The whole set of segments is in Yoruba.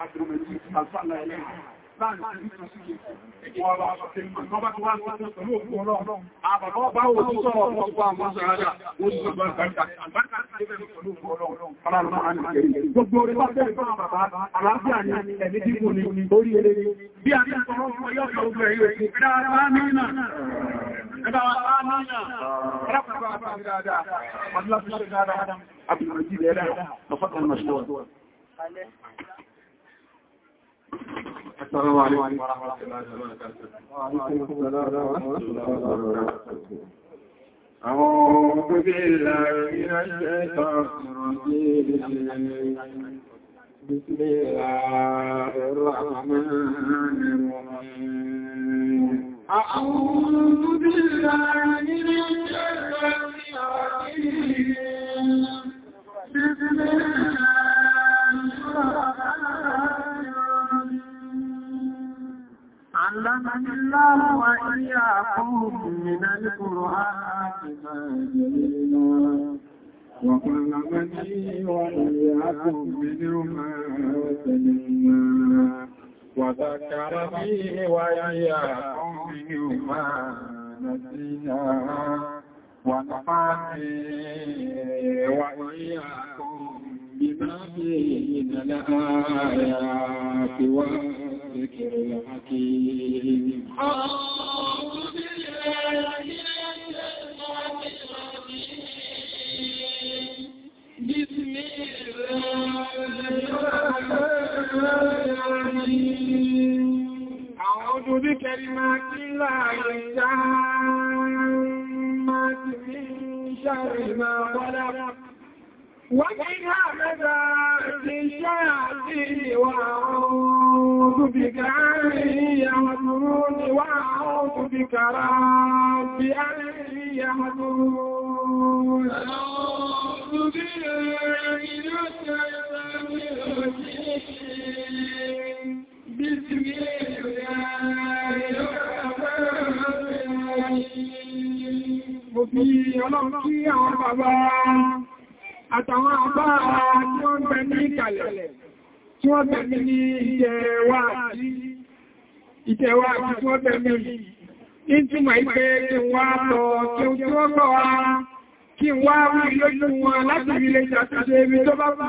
Gbogbo orí wá ìfẹ́ àbàbà, àlàáfíà ni ẹ̀mí dìbò ni orí eré Bí a ní ọ̀rọ̀ ọ̀rọ̀ yọ́ ọ̀rọ̀ ọ̀gbẹ̀ yóò ti, ẹ̀dá ara mìíràn, ẹ̀dá ara mìíràn, ẹ̀dá pàtàkì dáadáa, pàtàkì dáadáa, àbìrìnàjí rẹ̀ dáadáa, lọ́fọ́kàn mọ̀ السلام عليكم ورحمة الله وبركاته وعليكم السلام ورحمة الله وبركاته أعوذ بالله من الشيطان الرجيم بسم الله الرحمن الرحيم أعوذ بالله من الشيطان الرجيم بسم الله علم الله وإياكم من القرآن ما جليلا وعلمني وإياكم منه ما سلمنا وذكرني وإياكم منه ما نسينا ونفعني وإياكم بما فيهن الآيات والذكر الحكيم أعوذ بالله من الشيطان الرجيم بسم الله أعوذ بكلمات الله التامات من شر ما خلق وإلى مدار الشافي وأعوذ بك علي يهدرون وأعوذ بك رب علي يهدرون أعوذ بسم الله الرحمن الرحيم Mo fi ọlọ́run kí àwọn bàbá àtàwọn àbá ara tí wọ́n bẹ ní ìkàlẹ̀ tí wọ́n bẹ ní ìjẹwà àti àti tí wọ́n bẹ ní ìjìmọ̀ ìpé kí wá lọ kí ó tí wọ́n gbọ́ wa kí wá rí lójú wọn láti rí lè ibi tó bá bá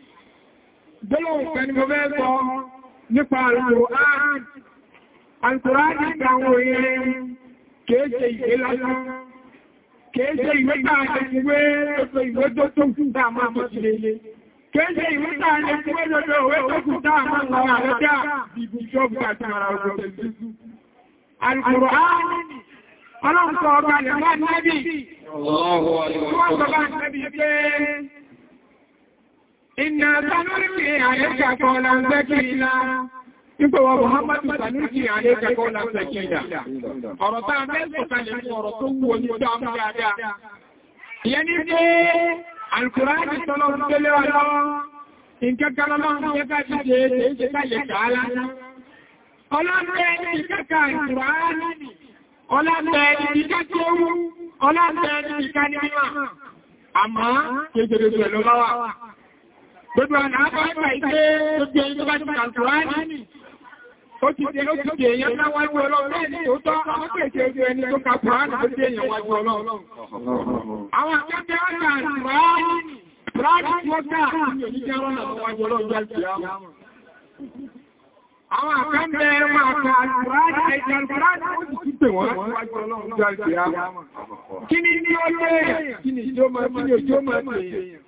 gbọ́lọ̀wọ̀ pẹ̀lú mo fẹ́ sọ nípa àrùn ààrùn àǹtùrádì àwọn òyìn kéèṣe ìwé lásán kéèṣe ìwé tààlẹ̀ Ọlọ́run sọ ọba lè máa Ọlọ́run sọ ọba lè máa Iná sanúrìkì àyẹ́kàkọ́ lágbẹ́kìlá. Ipò wa Muhammadu sanúrìkì àyẹ́kàkọ́ lágbẹ́kìlá. Ọ̀rọ̀ táa mẹ́sùn kalẹ̀ fún ọ̀rọ̀ tó wù ojú tó àmú dáadáa. Ìyẹn ni pé Alkùránì tọ́lọ́ ń tẹ́lé wa lọ, ìkẹ́kẹ́ lọ́nà ń jẹ́ká ti ṣe é ṣe káyẹ̀ ìkẹ́kẹ́ Alkùránì, ọlọ́run ẹni ìkẹ́kẹ́ kéjèrè pẹ̀lú lọ́wà. Gbogbo ọ̀nà àbábà ìgbé gbogbo ẹni tó bá ti kàkùránì. Ó ti ṣe ó ti ṣe èèyàn láwájú ọlọ́run lẹ́ni tó tọ́, ó pèsè ojú ẹni tó kàkùránì tó ṣe èèyàn wájú ọlọ́run. Àwọn akẹ́kẹ́ ọ̀nà àkùránì, wájú ọlọ́run Àwọn àkẹ́kẹ́ ẹ̀mà àkàrà ẹ̀jẹ̀ ó ti kí ni ní ọlọ́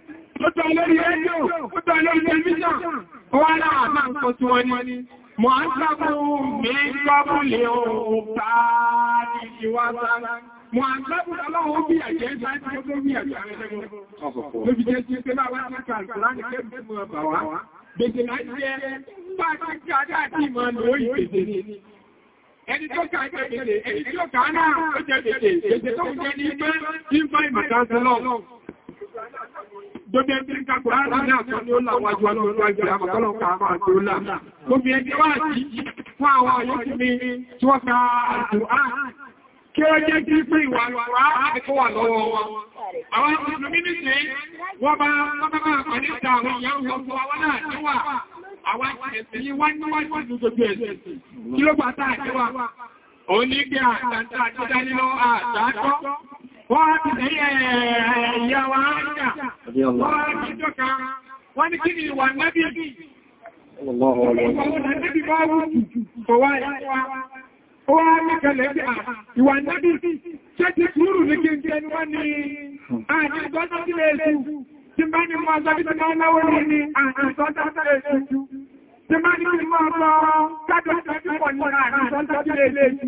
ó tọ́ lórí rédíò, ó tọ́ lórí tẹlifíṣàn, ó wá láàrín àpọ̀ tí wọ́n ní. Mọ̀ á sábú mi gbọ́bùlé ohun tàà ní ìwá sára. Mọ̀ á sábú aláwọ̀ bí àjẹ́ ìsáàtì ó tó bí àjẹ́ àrẹ́sẹ́gbọ́n. Lóbi jẹ́ sí pé láwá ní kàrìkìlá ní kẹ́bẹ̀ẹ́ mọ̀ bà wá. Bèjì máa jẹ́ bá ti kí adá àti ìmọ̀ lórí ìpèsè ní. Ẹni tó kà jẹ́ bèjì, ẹni tó kà náà ó jẹ́ bèjì, bèjì tó ń jẹ́ ní pé Gbogbo ẹgbẹ́ ń kàkùrá ní àtọ́ ni ó làwájú ọlọ́run ndị Kí ó jẹ́ kí ìwà àrùwá àbíkó wà lọ́wọ́ wọn. Àwọn ìsinmi nìsẹ́ wọ́n bá ìta àwọn náà níwà. Àwọn wá wa áṣà wọ́n ti jọ́ka wọ́n ní kí ni ìwà nábí Ọwá ṣe ti kúrù ní kí n jẹ́ ni wọ́n ni àti ìgbọ́ta sílẹ̀ èṣù tí bá ní mọ́ ọjọ́ bí ti máa náwó ah, ní ní àti ìgbọ́ta sílẹ̀ èṣù tí bá ní mọ́ ọjọ́ kájọ́ ìgbọ́ta sílẹ̀ èṣù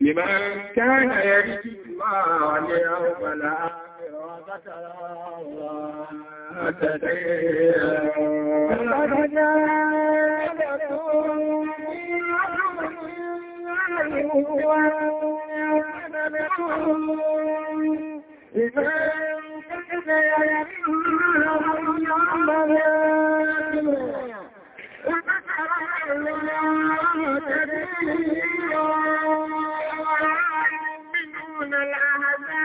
لمن كان يرجو الله واليوم الآخر وذكر الله كثيرا لمن كان يرجو الله واليوم الآخر وذكر الله كثيرا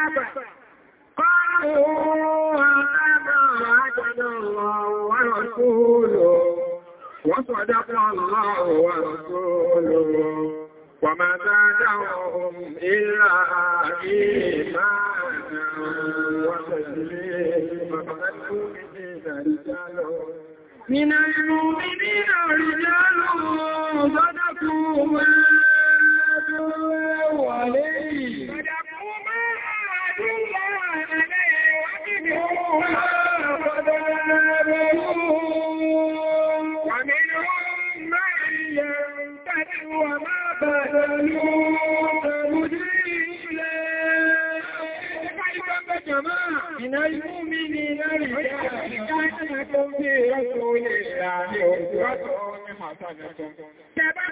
الكعبة قالوا هذا وعدنا الله ورسوله وصدق الله ورسوله وما زادهم إلا إيمانا وتسليما المؤمنين رجال من المؤمنين رجال صدقوا ما عليه Ìjọba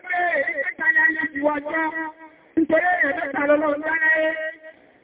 pé ìpẹ́ta yáyé ti wájọ́, nítorí ẹ̀ẹ́dẹ́ta lọ́lọ́ ń dára ẹ́.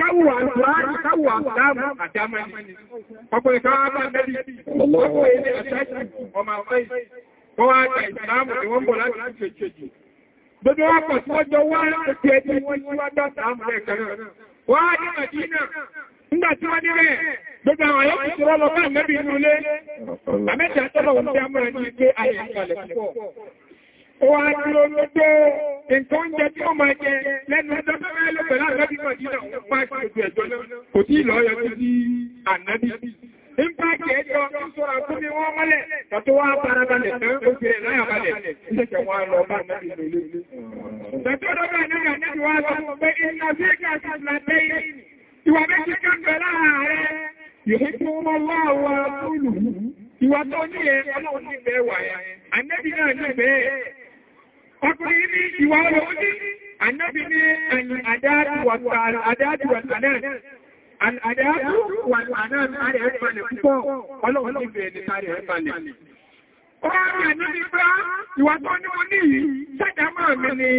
Káwùwà Kùránì, káwùwà Ìsìláàmù Gbogbo wọn tí wọ́n jọ wá láti ẹni wọ́n yí dọ́ta àmì ẹ̀kẹ́ náà. Wọ́n á ní Màdínà, nígbà tí wọ́n gbogbo àwọn ayọ́ ti inú ilé. Àmẹ́ta Òwà àti olóògbé nǹkan oúnjẹ tí ó máa jẹ lẹ́nu ọjọ́ fẹ́rẹ́ ló pẹ̀lú àrẹ́bí ń pa sí náà. Kò tí ìlọ tí sí Ń bá jẹ́ ẹjọ́ tó sọ́ra fún mi wọ́n mọ́lẹ̀, tàtó wá farabalẹ̀ ó fi rẹ̀ balẹ̀, ìṣẹ̀kẹ̀ lọ bá náà ìlú ilé. Tàtó ọkùnrin ní ìwà ọ̀rọ̀ ó ní ànábì ní àdáàtù wà àdáàtù àrẹ ẹ̀fàlẹ̀ púpọ̀ ọlọ́run ní bẹ̀ẹ̀ ní sáré ẹ̀fàlẹ̀. Ọ̀rọ̀ ànábì bá ìwà tó ní mo ní yìí, ṣẹ́dá máa mi ni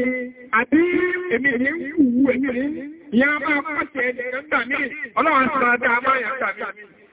àbí èmi èmi wù èmi rí, ìyá máa pàṣẹ ẹ̀dẹ̀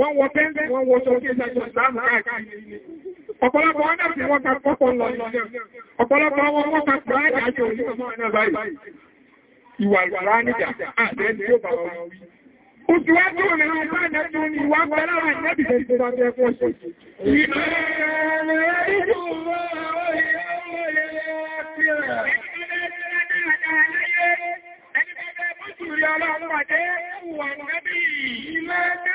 wọ́n wọ pẹ́ńtẹ́ wọ́n wọ sọ́kí ìṣàjọ ìsìláàmù káàkiri ọ̀pọ̀lọpọ̀ wọn náà fi wọ́n ka pọ́pọ̀ lọ ọ̀pọ̀lọpọ̀ wọn wọ́n ka pàájá àjọ òṣìṣẹ́ náà báyìí ìwà ìwàrá níjà àtẹ́ni yóò bá wọn wí Oṣù wá tó rẹ̀ wọn bá nẹ́tọ́ ni wá pẹ́lá wà nẹ́bì tẹ́ ti bá tẹ́ fún ṣe. Ìbẹ̀rẹ̀ ìlú wọ́n ọ̀rẹ́ ọ̀rẹ́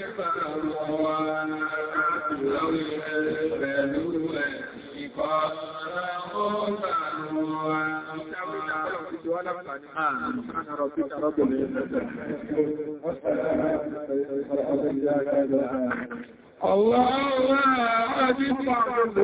Allah Allah, I just want to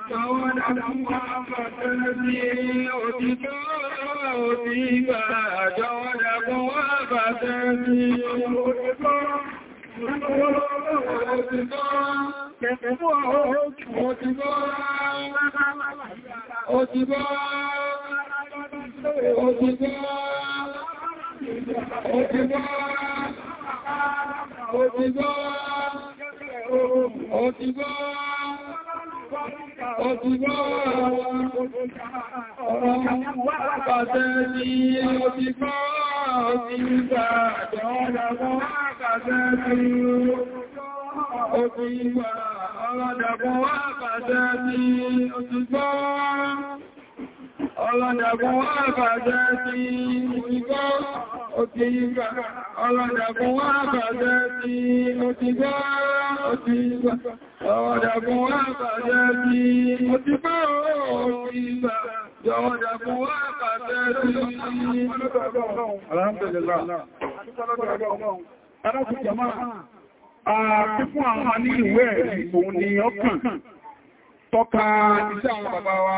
oh, àpàtẹ́ sí òtítọ́ òtìgbà àjọ́wọ́dàgbọ́n wà bàtẹ́ sí òtítọ́ òtítọ́ kẹfẹ́fọ́ òtítọ́ òtítọ́ òtítọ́ òtítọ́ Òtùgbọ́ ọ̀rọ̀ pàtẹ́ ní òtùgbọ́ òtùgbà àjọ́lá fún àpàtẹ́ sí òtùgbà ọ̀rọ̀ dàbọ̀ àpàtẹ́ sí òtùgbọ́ Ọlọ́dàkùn wá bàjẹ́ sí ìgbọ́, ó ti gbà. Ọlọ́dàkùn wá bàjẹ́ sí ó ti gbà, ó ti gbà. Ọlọ́dàkùn wá bàjẹ́ sí ó ti gbà, ó ti gbà. Ọlọ́dàkùn wá bàjẹ́ sí Alhamdulillah. Adákùn jama'a, àkíkún àwọn ní ìwé òun ni ọkàn tọ́ka iṣẹ́ àwọn bàbá wa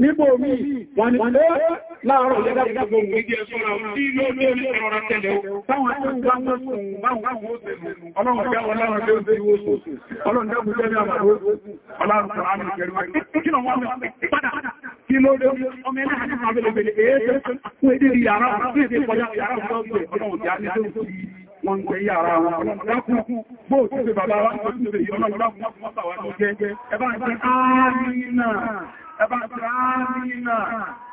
Níbo mi wà ní ọ̀lẹ́ láàárọ̀ ìjẹ́dá gbogbo ìdí ẹ̀ṣọ́ra tí ló ní ẹ̀rọ tẹ́lẹ̀ táwọn tó ń gbá mọ́ sùn báwọn àwọn òṣèlú ọlọ́run jáwọ́ láwọn tó ń fi wó sùn ọlọ́run jáwọ́ jẹ́rẹ́ àwọn ọlọ́run tó rán ní ìjẹ́rẹ́ wáyé kí lọ wọ́n mẹ́ padà kí ló dé ọmọ ẹ̀lẹ́ àti àwọn abẹ́lẹ̀bẹ̀lẹ̀ èé wọ́n ń pẹ yàrá wọn lápùn bóò tí pé bàbá wọn tó ti pè yọ́ lọ́nà lápùn mọ́sàwà lọ jẹ́ ẹbá ń tẹ́ ààrín náà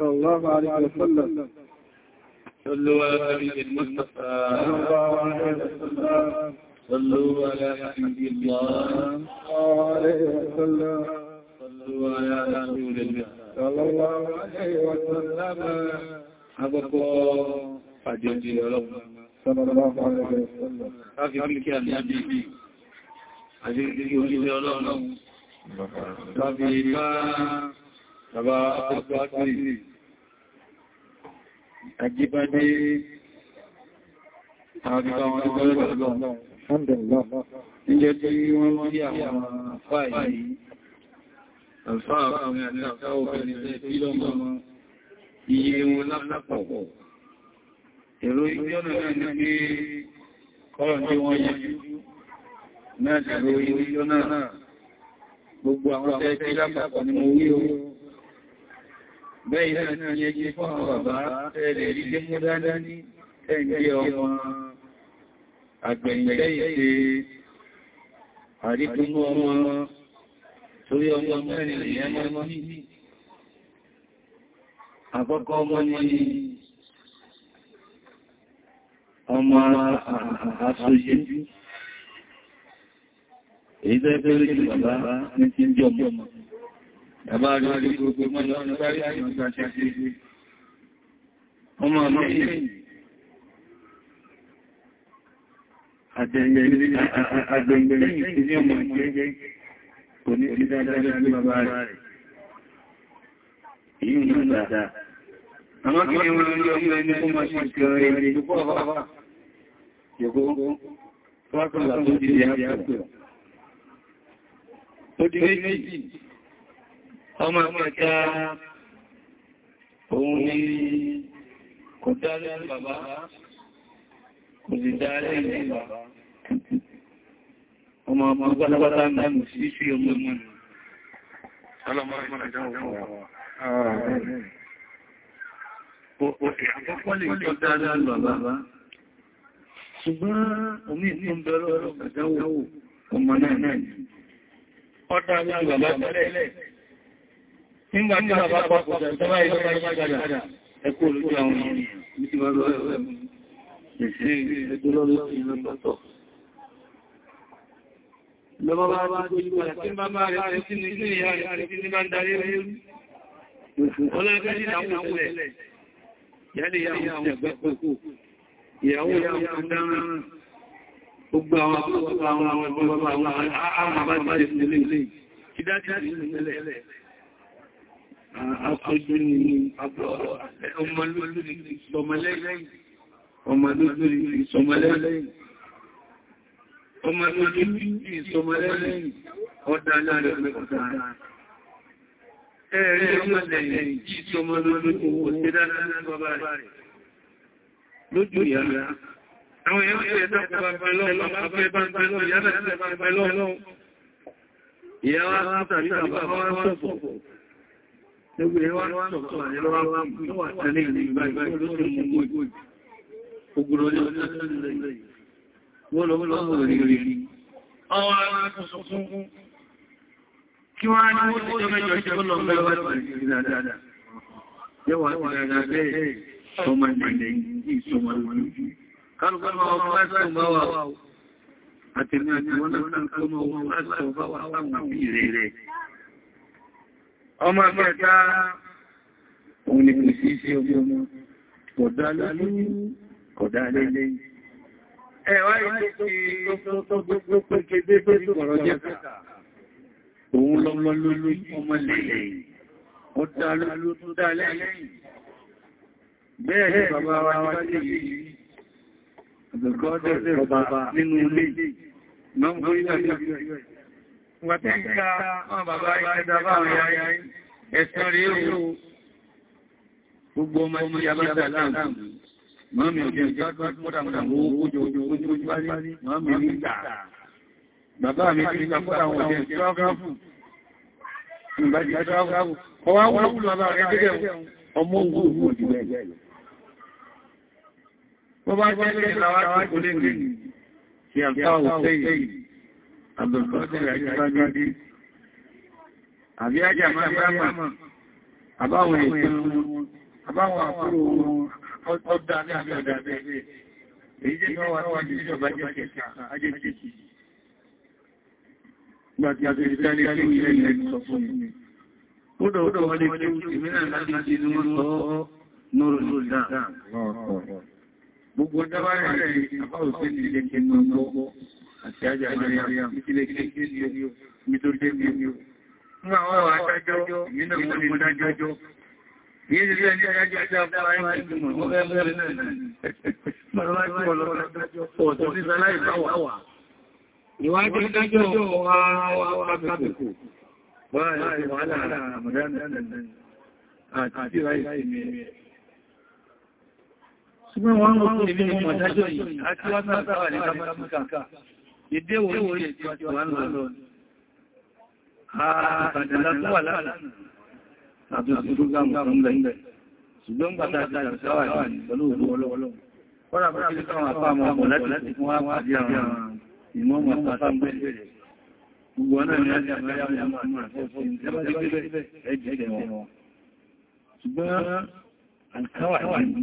الله عليه وسلم صلوا على المصطفى صلوا على حبيب الله عليه وسلم صلوا على رسول الله صلى الله عليه وسلم حبكم فجدي الله صلى الله عليه وسلم tàbí bá bàbá àpapàpì àjíbádé àbíbá wọn tó gbọ́rẹ̀ pẹ̀lú ọ̀nà níjẹ́ tí wọ́n mọ́ ní àwọn àfáà yìí àfáà àwọn àti àfáà obìnrin tẹ́ fílọ́mọ́ iye wọn lápapọ̀ èrò ìgbé ọ̀nà náà ní pé kọ́rọ̀ tí wọ́n yẹ náà tẹ̀rọ ìgbé gbogbo àwọn ọ̀fẹ́ tí lápapọ̀ ni mo wí o bẹ́ẹ̀ náà ni ẹgbẹ́ fún àwọn bàbá ẹ̀rẹ̀ rí jẹ́ mú dáadáa ní ẹgbẹ́ ọmọ àgbẹ̀yìnlẹ́yìnlẹ́ àríkúnú ọmọ torí ọmọ mẹ́rin ìyẹn mọ́ àkọ́kọ́ ọmọ ni ọmọ aṣojú èyí tó ẹgbẹ́ lójú bàbá ní ti ń jọ mọ́ bàbá rí orí gbogbo mọ́lọ́ ọ̀nà bá rí àwọn ọ̀sán ṣe ṣe ọmọ ọmọ ìrìn àgbẹ̀gbẹ̀rẹ̀ ìsinmi ọmọ ìgbẹ̀gbẹ̀ kò ní orí dáadáa bàbá rẹ̀ yóò dáadáa àwọn kí ni wọ́n lọ ilẹ̀ ní Odi méjì, ọmọ ẹ̀ta òun ni kò dá lẹ́nu bàbá, kò sì dá lẹ́nu bàbá. Ọmọ ọmọ pátápátá ń dánù sí sí ọmọ ọmọ nù. Ọlọ́mọ ìmọ̀ ìdánwò fún wa. Àkọ́kọ́ lè tó dá lẹ́nu bàbá. Ṣùgbọ́n omi ìtún bẹ̀rẹ̀ ọlọ́pàá ọ̀dá ní bàbá tẹ́lẹ̀. Nígbà tí bàbá pàpọ̀ tẹ́lẹ̀ ìjọba ìgbàgbà ẹkú olójú àwọn ènìyàn ní ti wọ́n lọ́wọ́ ẹ̀mù. Ìṣẹ́ ìṣẹ́ lọ́lọ́ ìlọ́tọ̀. Lọ́wọ́ bá bá tó yíwọ̀ tí bá bá rẹ̀ sí ní ilé ìyá rẹ̀ sí ní bá ń darí rí. Ọlọ́gbẹ́ ní àwọn ìṣẹ̀lẹ̀. Yálé ìyàwó ìṣẹ̀gbẹ́ pẹ̀kú. Ìyàwó ìyàwó dáná. Gbogbo àwọn akọ́kọ́ àwọn àwọn ẹgbọ́n àwọn àwọn àbájá ìsinlẹ̀ ìdájá ìsinlẹ̀ aṣojú ni ọmọlúrí ìsọmọlẹ́yìn ọmọlúrí ìsọmọlẹ́yìn ọmọlúrí ìsọmọlẹ́yìn ọdá láàrin ọmọdá ẹ̀rẹ́ ọmọlẹ́yìn ìsọmọlúrí owó tẹ́dára lójú ìyára àwọn èèyàn tí ẹ̀dọ́ kò bá bẹ̀lọ́ afẹ́ bá ń bẹ̀lọ́ ìyádà tí bá ń bẹ̀lọ́ ìyáwá látàrí bàbá wá sọ̀fọ̀ Gbogbo ẹwà sọ̀fọ̀ àyẹ́lọ́wà wà mú tó wà tẹ́lẹ̀ ìlú ìbáyìí ló ti mú mú ìgbò. Ogúnrò ní ọjọ́ ìrìnlẹ̀ ìlú. Wọ́n lọ mú lọ rí rí. Ọwọ́ àwọn akọ̀sọ̀ fún kí wọ́n á ní ó ti jọ kálùkọ́ máa wọ́n pẹ́sùn bá wà àti ní àti wọ́n náà kálùkọ́ máa wọ́n pẹ́sùn bá wà láwọn bí rẹ̀. Ọmọ mẹ́ta òun ni kò sí iṣẹ́ omi ọmọ, kọ̀dá lórí, kọ̀dá lélẹ́. Ẹ̀wá ilé tí ó gbogbo pé kéde pé sọ̀rọ̀ jẹ́ pẹ́ta. Òun lọ́lọ́ lórí ọmọ lélẹ̀ yìí. Ó dá lórí tó dá Gọ́ọ̀dẹ̀ ọba nínú ilé. Mọ́ mú ilẹ̀ ìgbẹ̀. Wà tẹ́ ń ká wọn bàbá ìgbẹ̀dà bá wọn yáyá ẹ̀sán rí ó gbogbo ọmọ ọmọ yàbátà láàrín. Mọ́mí òjò ìgbàgbàgbàgbà ojú ojú ojú ojú wá ní mọ́mí nígbà. Bàbá mi ti gbàgbàgbà àwọn òjò ìgbàgbàgbà. Ìgbàgbàgbà ọwá wọ́n wùlọ bàbá rẹ̀ gẹ́gẹ́ ọmọ ogun òjò ìgbàgbàgbà bá jẹ́ lè láwájú kò lè rí ti àtàwò sẹ́yìn àbẹ̀kọ́sẹ̀ àjíkájú àbí ajá máa gbámà àbáwọn ètò àbáwọn àkúrò ọdá ní àbí ọdá bẹ́ẹ̀ èyí jẹ́ kí wọ́n wá ní ìjọba jẹ́ kẹta ajẹ́kẹ́kì gbàtí àti ìdárí ilẹ̀ ilẹ̀ sọ fún mi Odò odò wọlé kí ìmìnà láti ṣe ní wọ́n sọ ọ́ nóró lórí dáa. Gbogbo dábára rẹ̀ àbá òfin ilé kí ní ọgbọ́ àti ajá àríyá ilé kí ní o, nítorí jẹ́ mi o. Nígbà wọ́n wà dájọ́, ìmínà mọ́ ní dájọ́. Yé ti lẹ́ ní adájọ́ ajá fún àárín ìgbìmọ̀ ọgbẹ́ mẹ́rin náà. Mọ̀rọ̀ láti wọ́n lọ dájọ́ ọ̀tọ̀ sí Sáláì Báwà. Ìwádìí dájọ́ ara wa kábẹ̀kù. Báyìí, wàhálà àmàdánà àti ìráyìí mi ṣùgbọ́n wọ́n mọ́ tó ilé ìmọ̀ dájọ́ yìí àti wọ́n náà tàwà ní kàmàtàkà ìdéwò orí ètò àti ah, wà ń lọ àtàdàlá tó wà láàrín àtàdàlú gáàmù fún lẹ́gbẹ̀ẹ́ ṣùgbọ́n pàtàkì àtàwà ní pẹ̀lú òru ọlọ́ọ̀lọ́ Kọ́ra bá kí káwọn apá ọmọ ọmọ láti fún wá pàdé àwọn ìmọ̀ ọmọ apá ń bẹ̀rẹ̀. Gbogbo ọ̀nà ni a jẹ́ àmọ́ ìyàmọ̀ àmọ́ àti ọ̀fọ́ ìjọba jẹ́ bẹ̀rẹ̀ ẹ̀jẹ̀ wọn. Ṣùgbọ́n àkáwà ní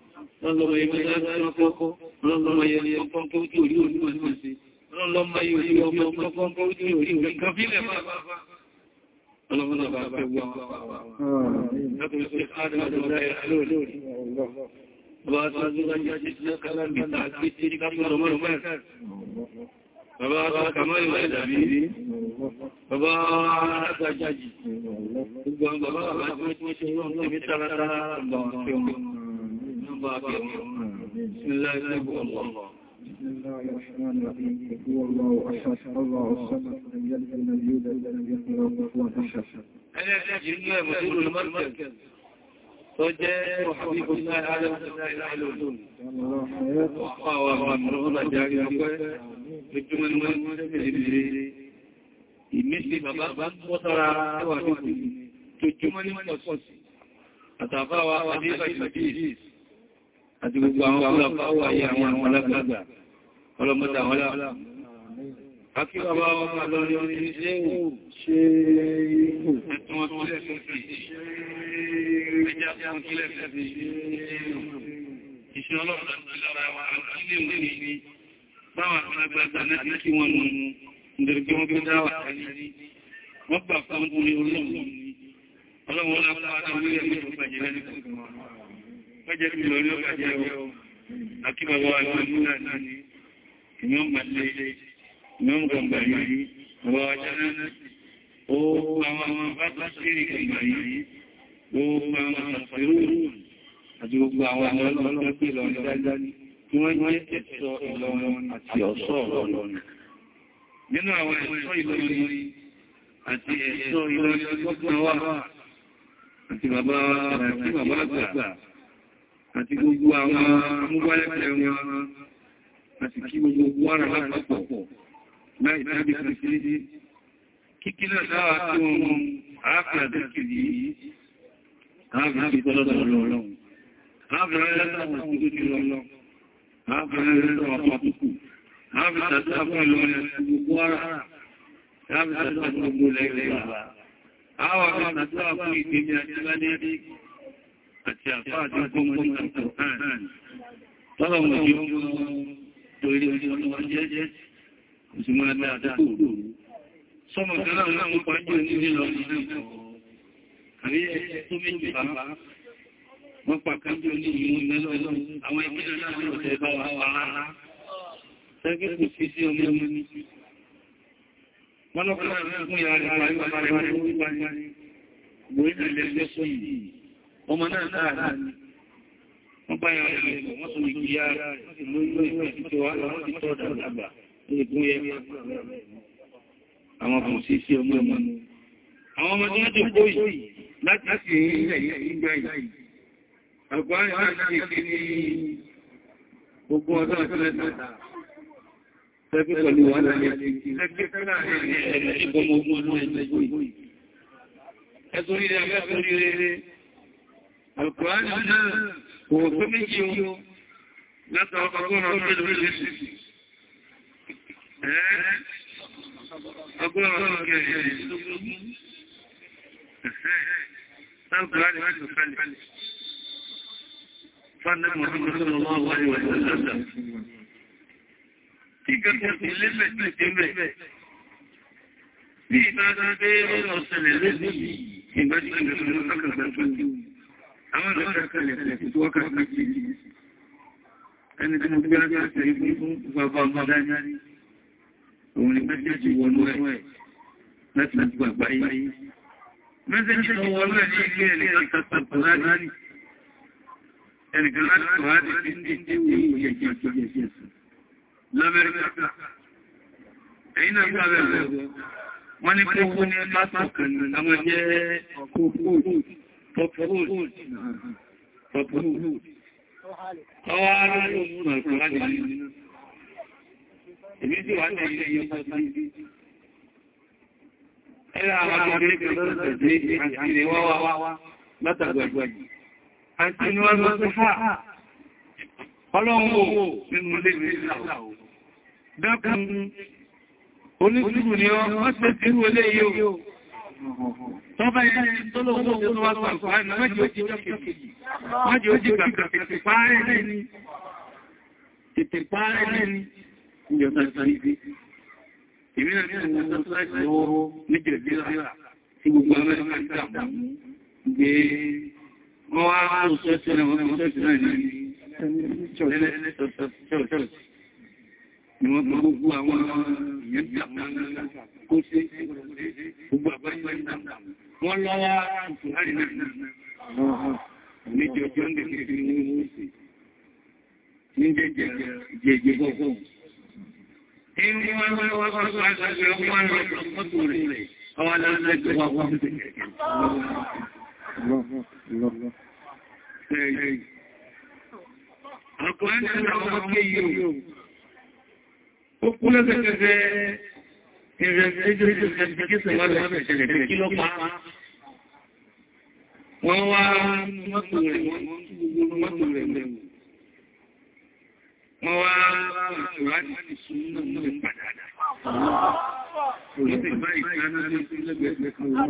lọ́lọ́mọ yẹ mọ́kọ́ lọ́lọ́mọ yẹ kọ́kọ́ ojú orí orí ọmọ sí lọ́lọ́mọ yẹ orí ọmọ kọ́kọ́ ojú orí orí kan fílẹ̀ máa Ọlọ́run náà bá fẹ́ gbọ́n. Látòrí sí àdúrà lórí. Bàbá tó gbọ́n jẹ́ jẹ́ jẹ́ kálámbì tàbí tí ní kápọ̀ lọ́mọ́rọ̀ mẹ́rin. Bàbá kàmọ́ ìwà ìdàbí rí. Bàbá àgbàjájì. Gbogbo àwọn bàbá àbájọ́ tí wọ́n ṣe rọ́ الظاهر بسم الله يقول الله بسم الله الرحمن الرحيم هو الله أحد الله الصمد لم يلد ولم يولد ولم يكن له كفوا أحد أنا أجل الله مدير المركز وجاء حبيب الله على العلوم وقع ومرغم جاري أقوى بجمع المنزل بالليل ìmísí bàbá mọ́tara wà ní ìjọjúmọ́ ní mọ́sí àtàbáwà àdébà ìbàdí ìdíìsì àti gbogbo àwọn ọlọ́pàá ayé àwọn àwọn alágbàgbà ọlọ́mọdà wọn láà akíwàbá ọmọ lọ́rí orí léwò ṣe ìhù ẹ̀tún ọdún lẹ́fẹ́ sí ẹjá fún kílẹ̀ fẹ́ sí ìṣẹ́ ọlọ́pàá lára wa àkílẹ̀ òní ni báwọn alágbàgbà náà kí wọ́n mú ìdẹ̀rẹ̀gbẹ́ wọn gbé dáwà wọ́n gbà fún orí olóòrùn ọlọ́wọ́n lápá Mẹ́jẹ́ kí lórí ó kàjẹ́ ohun, akíbàwà àwọn ni, ìyọ́n màlẹ́, ìyọ́n gbọmgbà yìí, ọwọ́ ajá náà, ó àwọn àwọn bá sí ìgbà yìí, ó àwọn àfẹ́rú àti gbogbo àwọn ọlọ́run pé lọ dáadáa ni, wọ́n jẹ́ ẹ̀ṣọ́ Ìlọrin àti ọ̀ṣọ́ Ìlọrin. Nínú àwọn ẹ̀ṣọ́ Ìlọrin àti ẹ̀ṣọ́ Ìlọrin ọgbọ́n wà àti bàbá àti bàbá àgbà àti gbogbo àwọn amúgbálẹ́pẹ̀ wọn àti kí gbogbo wára lápapọ̀ láì tábí kan sí kíkí náà dáwà tí wọn mú àáfíà dẹ́kìrì yìí àáfíà fi tọ́lọ́dọ̀ ọlọ́run àáfíà lẹ́tàwọn tó ti lọ́lọ́ àáfíà lẹ́tàwọn pàtùkù àáfíà tàbí lọ́rẹ̀ gbogbo wára àáfíà tàbí gbogbo lẹ́gbẹ̀ẹ́ àti àfáàdé gbọ́mọ ní Al-Qur'an lọ́lọ́wọ́ tí ó torí orí ọlọ́wọ́ jẹ́jẹ́ kò sí máa dáadáa kòrò sọmọ kanáà láwọn pàájú ní lílọ àrí ẹ̀ tó méjì bàbá wọ́n pàkájú ní ìlú mẹ́lọ́lọ́ àwọn ìpínlẹ̀ láàrín ọ̀tẹ̀ bá wà rárá sẹ́gbẹ́ kò sí sí ọmọ ọmọ ní wọ́n lọ́pàá rẹ̀ fún ìyá rẹ̀ pàájú ọmọ náà dáadáa wọ́n bá yà rẹ̀ wọ́n sọ ìgbìyà lórí ìpẹ̀sìtò wà láwọn ti tọ́ dàgbà ẹgbùn yẹ àwọn ọmọ sí sí ọmọ ọmọ àwọn ọmọ tí wọ́n kó yìí láti ilẹ̀ ìgbà yìí Alkùránì náà kò pé méjì o látàrí ọgọ́rùn ọdún mẹ́lú lè sí. Ẹ́ ọgọ́rùn ọdún kẹrì Alkùránì láti fẹ́lẹ̀. Fáàlẹ́ mọ̀ ọdún mẹ́lú ọmọ wáyé wáyé lọ́sà. Tí gẹ́gẹ́ ti lé mẹ́ Bí ìbá dáadé ọ̀sẹ̀lẹ̀ lé Ẹni tí mo gbé ọjọ́ ìṣẹ́ ìgbé fún bàbá ọmọdá járí, òun ni mẹ́jẹ́jì wọnú ẹ̀ láti láti gbàgbà yìí. Mẹ́jẹ́jì lọ wọnú ẹ̀ ní ilé ẹ̀lẹ́ ìtàtàkùn láti ẹnìkan láti tọ́wádìí tí ń dín dín ní ìyẹ̀kì àti ìyẹ̀kì ẹ̀sùn. L'Amẹ́ríkà, ẹ̀yìn náà gbàbẹ̀ wọ́n ní kókó ní pásítọ̀ kan ní àwọn jẹ́ ọkọ̀ Ẹlá àwọn akẹ́kẹ́ ìgbẹ̀rẹ̀ ìgbẹ̀rẹ̀ ìgbẹ̀rẹ̀ wá wá wá látàgbàgbàgbì. Àti ni wọ́n lọ sí ha, ọlọ́run wò nínú lè rí ìlàwó. Dákùn onísìnkú ni ọ, wọ́n tẹ́ Tọ́bá ilé tọ́lọ́wọ́ tó wá pàpọ̀ àìnà mẹ́jì ó jí jọ́kì. Mẹ́jì ó jí kàkà tètè pàárẹ̀ lẹ́ni. Tètè pàárẹ̀ lẹ́ni. Ìjọba ìsàrí bí. Ìmìnà ní àwọn ọ̀sọ́sọ́sọ́ ìwọ̀rọ̀ níjẹ̀ bí lára tí gbogbo ọmọ ìjọba gbé wọ́n wá ìwọ̀n gbogbo àwọn ìyẹn dàmà kó sí gbogbo àbáyé wọ́n lọ́wọ́ láì náà níjọ jọ ń dẹ̀kẹ́ sí ní mú sí ní jẹjẹ jẹjẹ gbogbo Ìrìn wọn wọ́n wọ́n wọ́n wọ́n wọ́n wọ́n rẹ̀, ọwọ́ lọ́lọ́gbẹ̀ wọ́n wọ́n tẹ̀kẹ̀kẹ̀. Àkùnrin náà wọ́n kéyìí ó kú lẹ́sẹ̀kẹsẹ̀ Wọ́n wá mọ́tò rẹ̀ mọ́tò rẹ̀ mẹ́wọ̀n. Wọ́n wá ìwádìí sún náà mú ìpàdàdà. Olùsìn báyìí kan náà ní ìlẹ́gbẹ̀ẹ́gbẹ̀ kan wọ́n.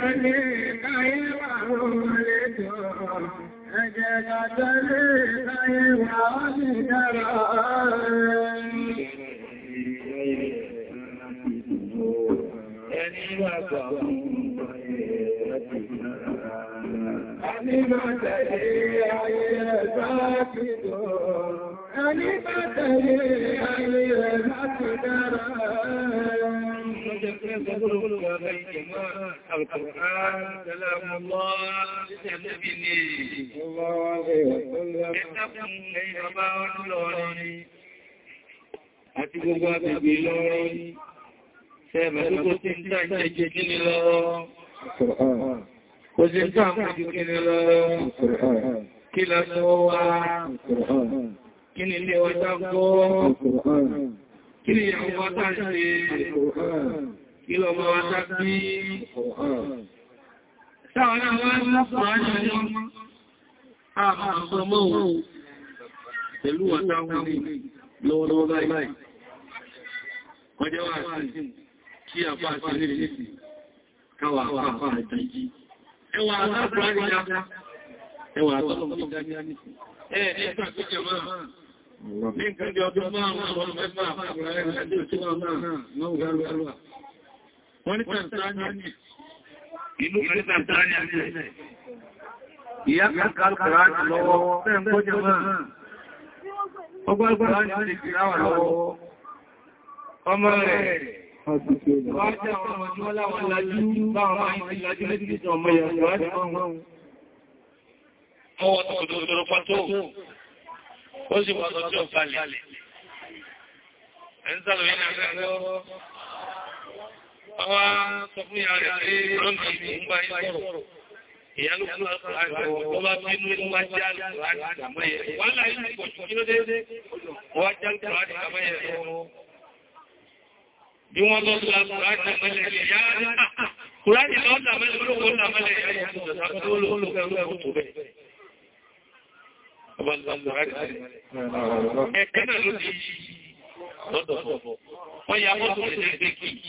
Ẹni bá tẹ̀lé ayé ẹ̀bá تقول يا بيت ما القرآن كلام الله لتبني الله عليه وسلم اتقم ربا ونلوني أتقوا ببلوني سيما تقول تنتهي جديني الله القرآن وزنتهم جديني الله القرآن كلا سوا القرآن كن اللي وتقوا القرآن كن يعوضا شيء القرآن kí ọmọ àbàbọmọ́ òun pẹ̀lú àtàwọn lọ́wọ́lọ́wọ́ báyìí ọjọ́ wà sí kí àpá àti nílùú káwà àpá àtàjí ẹwà àtàkùn àríjá ẹwà àtàkùn àríjá ní ẹ̀ẹ́dẹ́gbà tó jẹ máa ní nǹkan jẹ ọdún márùn-ún àwọn ọmọ wọ́n ní Tanzania ìlú kan Tanzania nílẹ̀ ìyá kankan kìráàtì lọ́wọ́ fẹ́ǹkọ́jẹ́ máa ọgbọ́gbọ́n láti kìráwà lọ́wọ́ ọmọ rẹ̀ wájá ọmọ tí wọ́n láwọn lájú báwọn máa ń lájú lẹ́tí ọmọ ìyàwó wájá ọmọ ọwọ́ tó kò tó pàtó ó sì wọ́n tó tí ó Ọwá sọ fún ìyá rẹ̀ pé ọmọ ìbí ń bá ìsọ̀rọ̀. Ìyá ló fún àgbọ̀ ọba tí inú inú wá já lùkùrá àdìsàmọ́yẹ. Wọ́n láì ní ìpọ̀jù kí ló dé? Wọ́n já lùkùrá àdìsàmọ́yẹ bí wọ́n lọ sọ àkùránì mẹ́lẹ̀ yá rí kùránì lọ ọ̀dà mẹ́lẹ̀ olóko ọ̀dà mẹ́lẹ̀ yá rí àtúnṣe àkùránì olóko ẹ̀rọ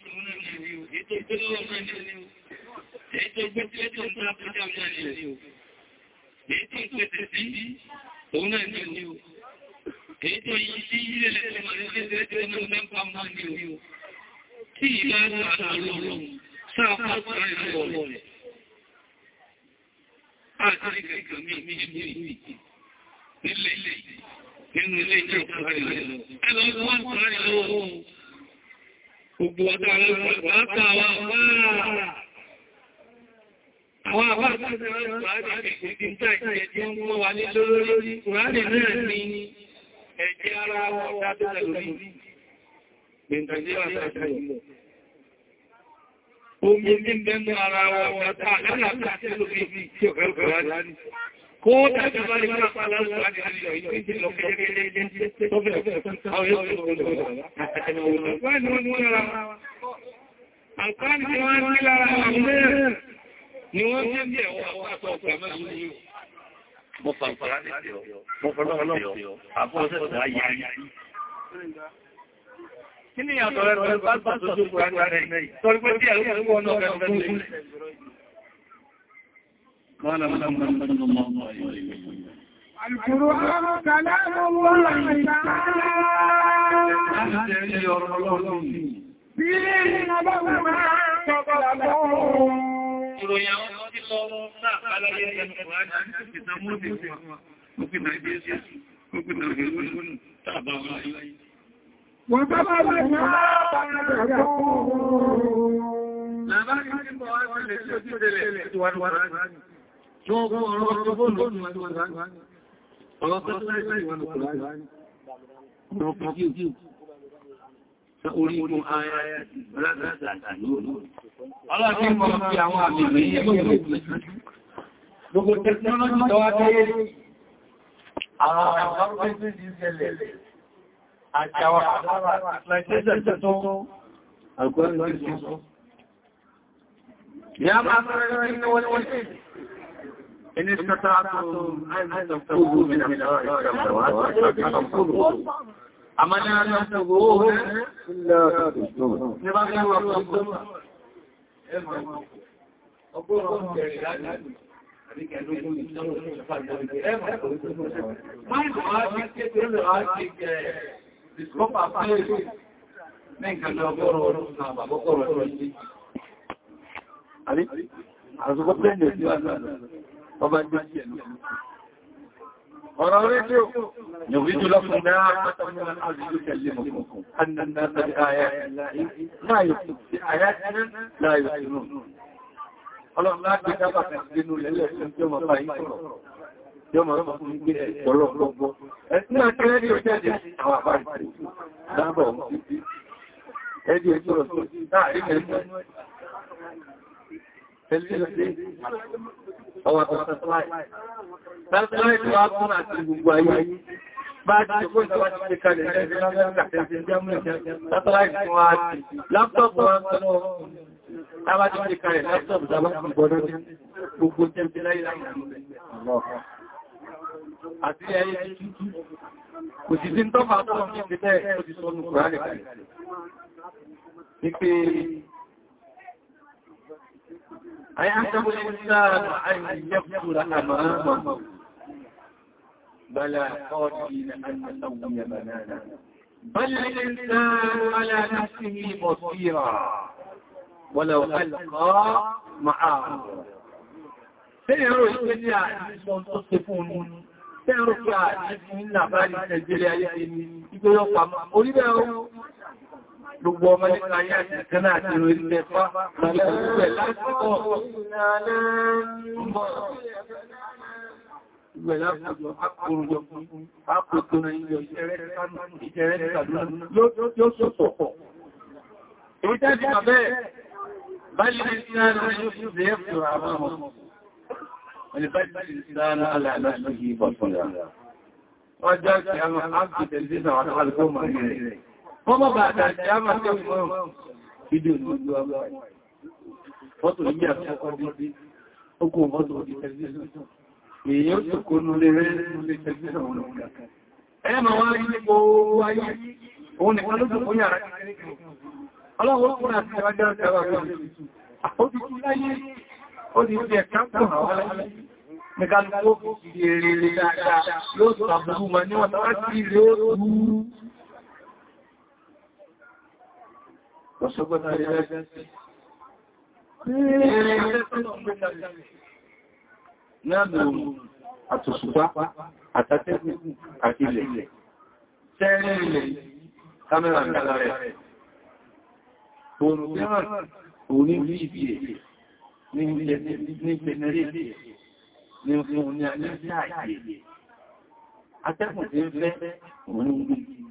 Tí ìlà àtàrí ọlọ́run, sáà pàtàkì ọlọ́run rẹ̀. Àtàrí kẹ̀kẹ̀ mí mí mí mí nílé nínú ilé ìjọ ọ̀pọ̀ rẹ̀ lọ. Ẹlọ́run wọ́n pàtàkì ọlọ́run. Gbogbo Omi ní mẹ́nu ara wọn ọ̀tá lára àti àti olóbi tí ọ̀fẹ́ ọ̀fẹ́ wá ní. Kó dájú bá ní fún àpàlá ń wà ní ọjọ́ ìpínlẹ̀ lọ́kẹ́lẹ́lẹ́lẹ́ tó bẹ̀rẹ̀ àwọn yóò tó gbogbo àtàkẹ́lẹ́ wọn. Wọ́n ni wọ́n ni wọ́n lára wọn. Àǹkọ́ni tí wọ́n ní lára àwọn mẹ́rin ni wọ́n jẹ́ bí ẹ̀wọ́ àwọn àpapọ̀ àmẹ́rin ní ìwọ̀. Mo fà ń fara ní ìwọ̀. Mo fọ́lọ́ ọlọ́pẹ̀ àpọ̀ ọ̀sẹ̀ Kí ni àtọ̀rẹ́ قال محمد صلى الله عليه وسلم القرآن كلام الله تعالى أنت يا رب بلين بما تطلبون ìròyìn àwọn ọmọ tí lọ náà aláyé ẹnu wà ní ìtàmúdé òkúta ìgbésí òkúta ìgbésí tàbà wà láyé wọ́n tàbà lè ní àpàdà Orígun ayá látàtà lóòrùn. Ọlọ́pí mọ̀ àwọn àmì ìrìn Gbogbo tẹ́kínọ́lọ́jì tọ́wá tẹ́yẹ àwọn ọ̀pọ̀lọpọ̀ ti àgbọ́n lọ́jì. Ìyá máa sọ́rọ̀ إن استطعتم أن تنفذوا من أملاء السماوات فانفذوا أما لا تنفذوه إلا تنفذون نبغي وقتكم Àríkàlọ́gbọ́rọ̀ ọdún sáàbà, bọ́kọ̀rọ̀ ọdún sí. Àríkàlọ́gbọ́rọ̀ ọdún sáàbà, bọ́kọ̀rọ̀ ọdún sí ọba gbé sí ẹ̀lú. Ọ̀rọ̀ rédíò, yóò rí jùlọ fún náà pátámọ́ àrùjú tẹ̀lé mọ̀kún, annáná tàbí ayá láyò sí ayá láyò sí nù. Ọlọ́run láti dábà kan sínú lẹ́lẹ̀ fún tí ó mọ̀ bá yìí sọ̀rọ̀ ọwọ́ tó sẹ́tọ́láì Tábájú ti kàrẹ̀ láptọ̀pù tàbá ti gbọ́dọ̀ ní gbogbo jẹ́ láyé láyé àti ẹyẹ títú. Kò sì sí ń tọ́fà tó ń fi pẹ́ ẹ̀ tó ti sọ́nù kùránì kàrẹ̀. Ní pé أيحسب الإنسان أن يقتل أمامه بلى قادرين أن نسوي بنانا بل الإنسان على نفسه بصيرا ولو ألقى معاذ Tẹ́rọ ìpínlẹ̀ àìsàn tó ṣe fún un, tẹ́rọ pé àìsàn ìlàbárí Nàìjíríà yẹ́ ni, ìgbéyọ́pàá, orílẹ̀-èdè gbogbo ọmọ nípa ayé àti ìkaná àti ìrìn ilẹ̀ fá ìgbẹ̀lẹ̀ lápọ̀ Ìgbẹ̀lá àpòjọ àpòròjọ fún àpòtò na ilẹ̀ ìjẹrẹ ìsàdúrà yóò sọ́pọ̀. Èyí tẹ́jì bàbẹ́ bá lè ní ìsinmi yóò fi ṣe é fìrà àwọn ọmọ. Wọ́n jẹ́ kí a máa ọmọ bàtà tí a máa tẹ́ fún ìdí olóògbò àwọn fọ́tò yí àkọ́kọ́ bí okùn fọ́tò òdí tẹ̀lẹ́sàn èyí ó tó kó nulé rẹ̀ nulé tẹ̀lẹ́sàn ọ̀nà ọ̀gá ẹ ma wá rí nípo ayé òun nìkan ló tún kóyà rẹ̀ ọlọ́wọ́ kúrò àti ẹwàjá ọ̀tẹ́wà kan ó ti kú láyé ó ti fi ẹ̀ká pọ̀ àwọn aláyé nìkan ló kó kìí rere dáadáa yóò sọ àbúrú ma níwọ̀n tó wá sí ilé ó Kó ṣọgbọ́n tàbí lẹ́gbẹ́ sí. Láàrín àtòṣùpá, àtàtẹ́gùn, àti ilẹ̀. Tẹ́rẹ ilẹ̀ kámẹ́rà ìdára rẹ̀. Oòrùn tẹ́rẹ òun ní orí ibi èdè, ní ilẹ̀ ní pẹ̀lẹ̀ èdè, ní fún ní àyíká ìdè. Atẹ́kùn tí ń fẹ́ òun ní gbogbo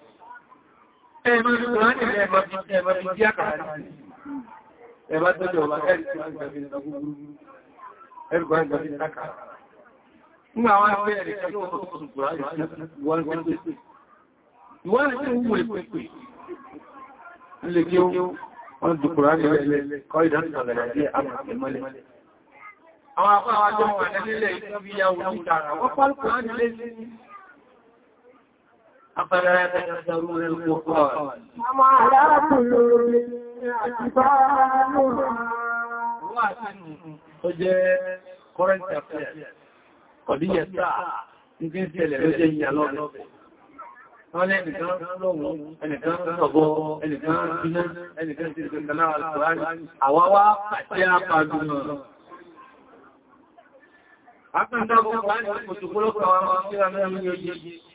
Ẹ̀bá tó jọ ọba ẹ̀rì tí wọ́n gbàgbé ìlú gbogbo ẹ̀rì gbàgbé ìlú kákàá. Nígbà àwọn ẹgbẹ́ ẹ̀rì kan yóò tó sùn gbà wọ́n gbogbo nílé ìtọ́bíyàwó ní ìdára, wọ́n pálùkù á nílé sí ní أفلا يتذكرون القرآن وما على قلوب أكفالها Ọjẹ́ kọ́rẹ́ntì àfẹ́ ọ̀díyẹ sáà ní kí ń tẹ̀lẹ̀ ló jẹ́ ìyà lọ́bẹ̀. Wọ́n lẹ́ ẹnìkan lọ́wọ́, ẹnìkan sọ̀bọ̀, ẹnìkan síná, ẹnìkan sí ìgbẹ̀kan náà alùpùránì, àwa wá pàtẹ́ àpàdù náà. Akẹ́ndọ́gbọ́n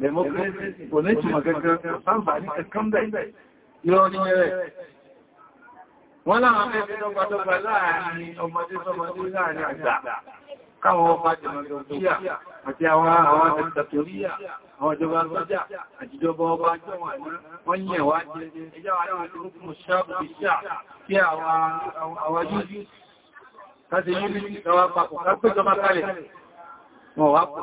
democracy kò ní ìtumọ̀ gẹ́gẹ́ sáǹfàní ẹ̀kọ́ndẹ̀ yóò ní wọ́n yẹ̀ wá jẹ́ ẹjọ́ àwọn ìrúkùn ṣáàbù ìṣà kí àwọn yìí káṣe yìí ní ìjọba papọ̀ kápẹ́jọba kalẹ̀ wọ́n wá pọ̀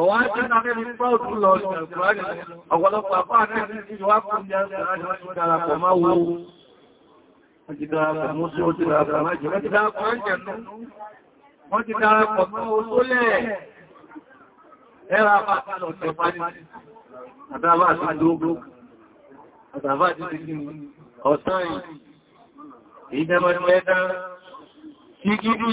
Ọwọ́ àti ìrìnàmẹ́rin pọ́ọ̀tù lọ ìrìnàmẹ́rin ọ̀pọ̀lọpọ̀ àpá àti ìjọwà kò ní àwọn ìrìnàmẹ́rin darapọ̀ máa wo. Wọ́n ti darapọ̀ mú sí ó ti darapọ̀ máa jẹ́. Wọ́n ti darapọ̀ ẹ̀jẹ̀ nú. Wọ́n ti darapọ̀ mú ó tó lẹ̀. Ẹ́ra pàtàkì ọ̀tẹ̀ pàdé. Àdàbà àti ìdógó. Àdàbà àti ìdíkínú. Ọ̀sán yìí. Ìdẹ́mọ̀ ẹ̀dá. Ṣígídí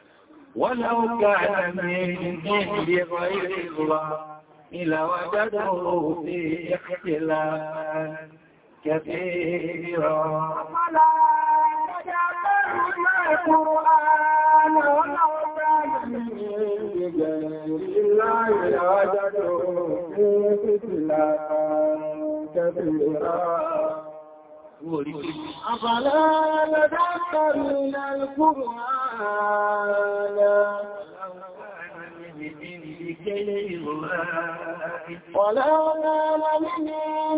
ولو كان من جهل غير الله إلى وجده في اختلاف كثيرا فلا تجعلنا القرآن ولو كان من غير الله وجده في اختلاف كثيرا wòrí pé. Àbàlá lọ́dọ́kọ̀rù lálùkúrù ààlà. Wàláwọ́lá lọ́lẹ́ni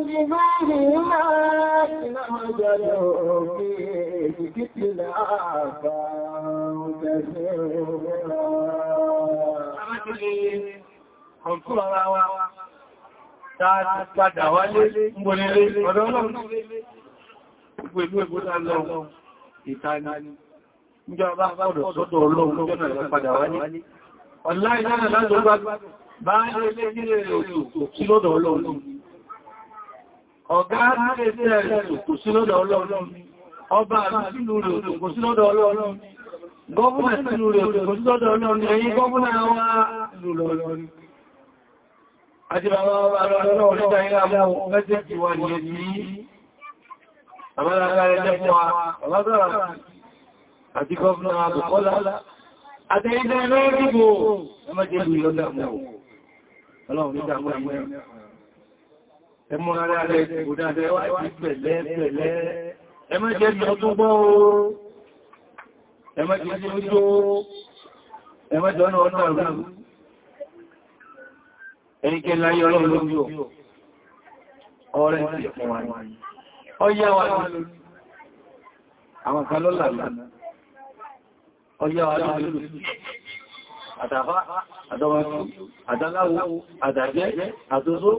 jí bá rí máa ti náà jọlọ òkè ìsìkítì láàbà òtẹ́sẹ̀ òwúrọ̀. Ọ̀tún ara wa, ta ti padà wálé, ń gbọ́nilé, ọ̀dọ́ ọlọ́run gbogbo ìlú ègbò lọ ìtàní ìjọba àbáwọ̀dọ̀ sọ́dọ̀ ọlọ́run jọ́nà ìwọ̀n padà wáyé ọ̀lá ìlànà láti ọgbà bá ilé ilé ètò sí lọ́dọ̀ ọlọ́run ọ̀gá ilé ilé ètò sí lọ́dọ̀ ọlọ́run ọba ìlú rẹ̀ ètò kò sí lọ́dọ̀ ọlọ́run gọ́gùnà ìlú rẹ̀ ètò kò sí lọ́dọ̀ ọlọ́run ẹ̀yìn gọ́gùnà wá ìlú lọ́rọ̀ Àti bàbá ọba ọlọ́rọ̀ ọ̀rẹ́ta ilé àwọn ọmọ ẹgbẹ́ ti wà ní ẹni àti gọ́ọ̀nà àbùkọ́lá àtẹ́yìnlẹ̀ ẹ̀rọ dìbò ẹmọ́jẹ́ ìlú lọ́dà mọ́ ọlọ́run nígbà mọ́ ẹmọ́ ẹmọ́ ara rẹ̀ kò dáadẹ́ wà ẹmọ́jẹ́ ìlú ọdún gbọ́ ẹmọ́jẹ́ ọ̀nà ọ̀nà ọ̀rọ̀ ẹnikẹ́ láyé ọlọ́run lójú ọ̀rẹ́ ìfẹ́ fún wa ọyá wa ní àwọn kan lọ́là lọ́nà ọyá wa ní olùsù àdàbá àdọ́wàtí àdáláwò àdàjẹ́ àdózó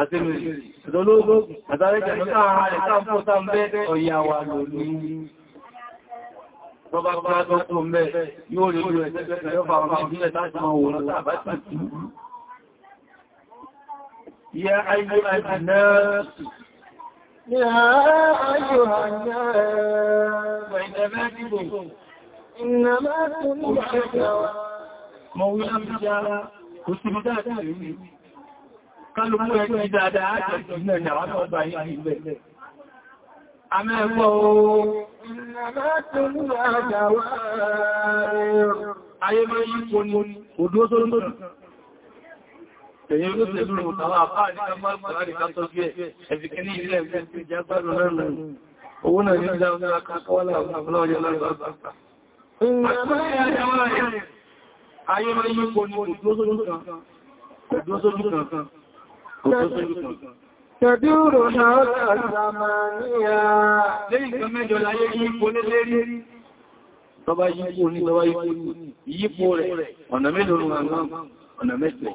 àtẹ́mìrì àdólógó àdárẹ́jẹ̀ lọ́nà rẹ̀ sáàpọ̀ sáàpẹ́ ọyá wa lóní Bọ́bá bá tó tó mẹ́ yóò rí orí ẹ̀sẹ̀gbẹ̀rẹ̀ yóò bá ọmọ ìbílẹ̀ láti máa wòrán láàbá tàbí. Yá ayé àjìnà يا أيها الناس وإنما تبون إنما كنت حكوة مولا بجارة وسبدات قالوا مو يجب إدادة إنما جرات وضعي أهل بيت أما هو إنما كنت حكوة أيما يكون ودوث المدن Èyàn ló tẹ̀lú àwọn àpá àdíkà bá pàdé ká tọ́jú ẹ̀, ẹ̀fìkẹ́ ní ilẹ̀ ẹ̀fẹ́ ti jẹ́ gbádùn lọ́nà. Owó náà ní ìjà ọjọ́ akákọ́wọ́lá àwọn àbúláwọ́jọ́ lọ́gbàgbà. Ayé máa yí kò ní òdúrósójú kan. Òdúrósójú kan. Òdúrósójú kan. náà ọ̀tà Sàmàníyà. Lẹ́yìn kan mẹ́jọ láyé yí kò ní lérí. Tọ́bá yí kò ní, tọ́bá yí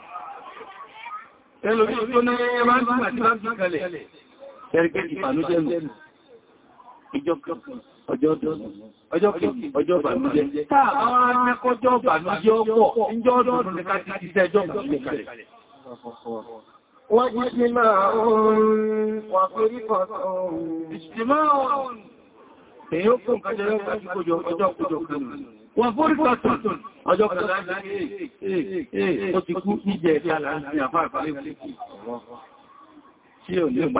ẹlòmí tó ní ẹmà ń gbà tí wá gbà kalẹ̀ ẹ̀rẹ́gẹ́ ìbànújẹ́ ìjọ ọjọ́ ọdún ọjọ́ kejì ọjọ́ ìbànújẹ́ táà àwọn anẹ́kọjọ́ ìbànújẹ́ ọpọ̀ ìjọ ọdún ní ká ti ti sẹ́jọ́ ìbànújẹ́ kalẹ̀ واجتماع وفرقة اجتماع Èyí ó kún kájẹ́ ọjọ́ kújọ kan wọ́n fórí pàtàkùn ọjọ́ kọ̀lá ọmọ kéwú mọ̀láíkà tó pọ̀ wà mọ̀láíkà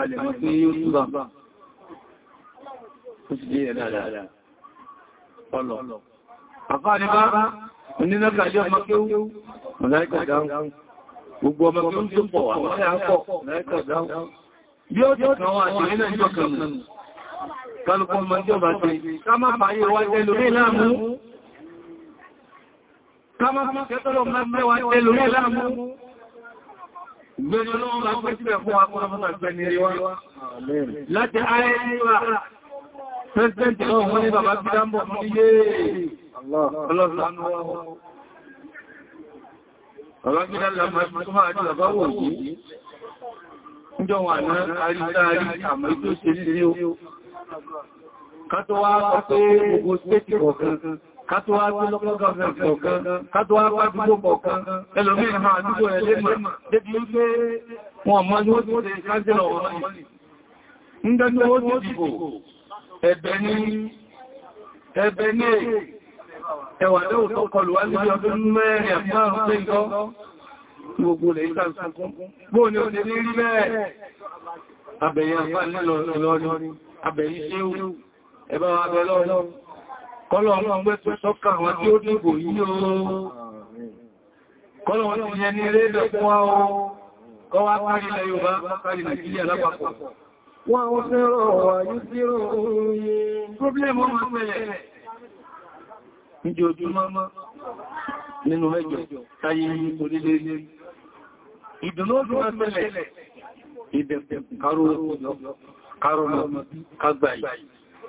dáhùn bí ó ti kàn wà ní ilẹ̀ ìjọ kan kálùkù ọmọ ìjọba ti ká má fàáyé wájẹ́ lórí láàmú Gbẹ̀rẹ̀ ọlọ́run bá pẹ́ sílẹ̀ fún akọ́lọ́mọ́ta gbẹ̀rẹ̀ rí wá. Láti ayé ní wà, President ọ̀hún wọ́n ní bàbá Gbídámbọ̀ fún iye ọlọ́run wọ́n. Ọlọ́run Gbídámbọ̀ fún àti bàbá kátọ́wà gbọ́lọ́pọ̀ gọ́ọ̀fẹ́ ọ̀kan kátọ́wà gbádùgbò ọ̀kan ẹlòmí ìhàn àdúgbò ẹ̀ lẹ́mà débi wípé wọn mọ́ ní ó ti ṣe kájẹ́lọ̀ wọ́n ní ǹdẹ́ni ó ti dìbò ẹ̀bẹ̀ ní ẹ̀bẹ̀ ní ẹwà lẹ́wọ̀ tó kọlù wá níbi ọdún mẹ́rin àpárùn pé ìgọ́ gbogbo lè ìta ìsànkún gbóò ni ó ti ní rí bẹ́ẹ̀ abẹ̀yìn àpá Kọ́lọ̀ ọmọ mẹ́tò sọ́kà wọn tí ó dìbò yìí ooo. Kọ́lọ̀ ọrụ ti yẹ ní fún wa ooo. wá kárí ilẹ̀ Yorùbá, kárí Nàìjíríà lápapọ̀. Wọ́n ó fẹ́rọ̀ wà ní Problem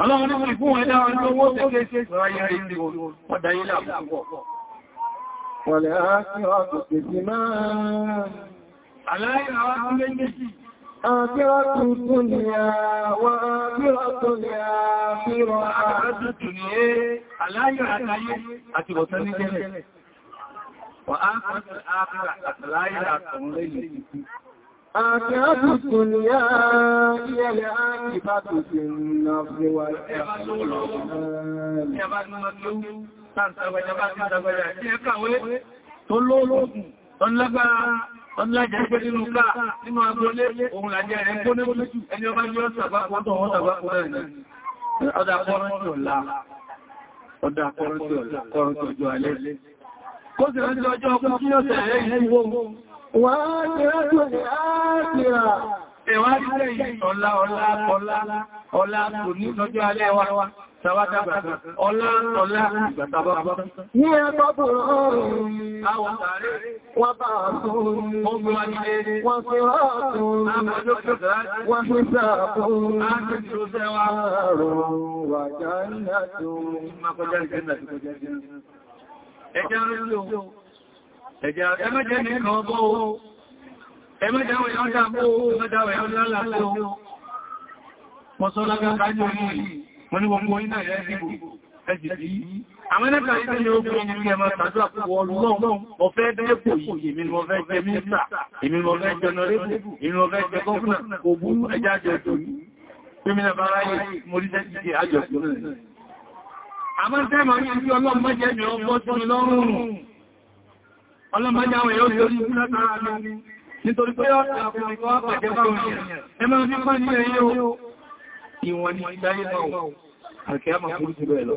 Ọlọ́run ní fún ìfún ẹ̀dá ọjọ́ owó tẹ́kẹ́ sí ìfẹ́ ayé rí ní ọdá yìí láàpùpọ̀. Wọ̀lẹ̀ á kí ọkọ̀ tètè máa. Àláìrà wá tún méjèèjì. آخرة الدنيا وآخرة الآخرة آخرة الدنيا ألا يعتي أتبطني جلس وآخرة الآخرة ألا يعتي آتيات الدنيا هي العاقبة في النفس والإحسان Tolóògùn, ọlágbára, ọlájẹ́ ẹgbẹ́ nínú ká nínú agbólé, òun làjẹ́ ẹ̀rẹ́ kó ní olójú, ẹni ọba yóò sàbápọ̀ tó wọ́n sàbápọ̀ rẹ̀ ní ọdá kọrọ̀tí ọ̀la, ọdá kọrọ̀tí ọjọ́ alẹ́. Kó sì rántí ọjọ́ ọkùn kí ó sẹ̀rẹ̀ ìlú Ọlá ọlá ìgbàtàbà bọ́. Ní ẹgbọ́ bọ̀rọ̀ ọ̀rùn àwọn tààrí wọ́n bá àtún ogun ajílé wọ́n fi rọ́ọ̀tún wọ́n fi sàkún àti ìrọ̀sẹ́wà rọrùn wà jáyìn àtún. Ẹjẹ́ rẹ̀ ẹmẹ́jẹ́ nìkan bọ́ o ẹmẹ́dáwẹ̀ ọdá bó o ẹmẹ́dáwẹ̀ ọdá láàá o mọ́sọ́lágá kájú ní wọ́n ni wọ́n mú iná ilẹ̀ ẹ̀dìbò ẹ̀jìdì àwọn ẹ̀nẹ́ta ilẹ̀ ni ó gbé ní ẹmọ tàbí àpòwọ̀ ọlọ́run ọ̀fẹ́ dẹ́pò yìí èmi ni wọ́n fẹ́ jẹ mínísà èmi ni wọ́n fẹ́ jẹ nọ́rẹ́bù èmi ni wọ́n fẹ́ jẹ gọ́ọ̀nà ògún ẹjá jẹ tó ní pẹ́mìnà bá ráyè moríṣẹ́ ọlọ́mọdé àwọn èèyàn lórí orí látara mi nítorí pé ọkùnrin wá pàjẹ́ báwọn èèyàn ẹ máa fi pàdé ẹyẹ o ìwọ̀n ni ìdáyé náà àkẹ́ àmà fúrú jù bẹ́ẹ̀ lọ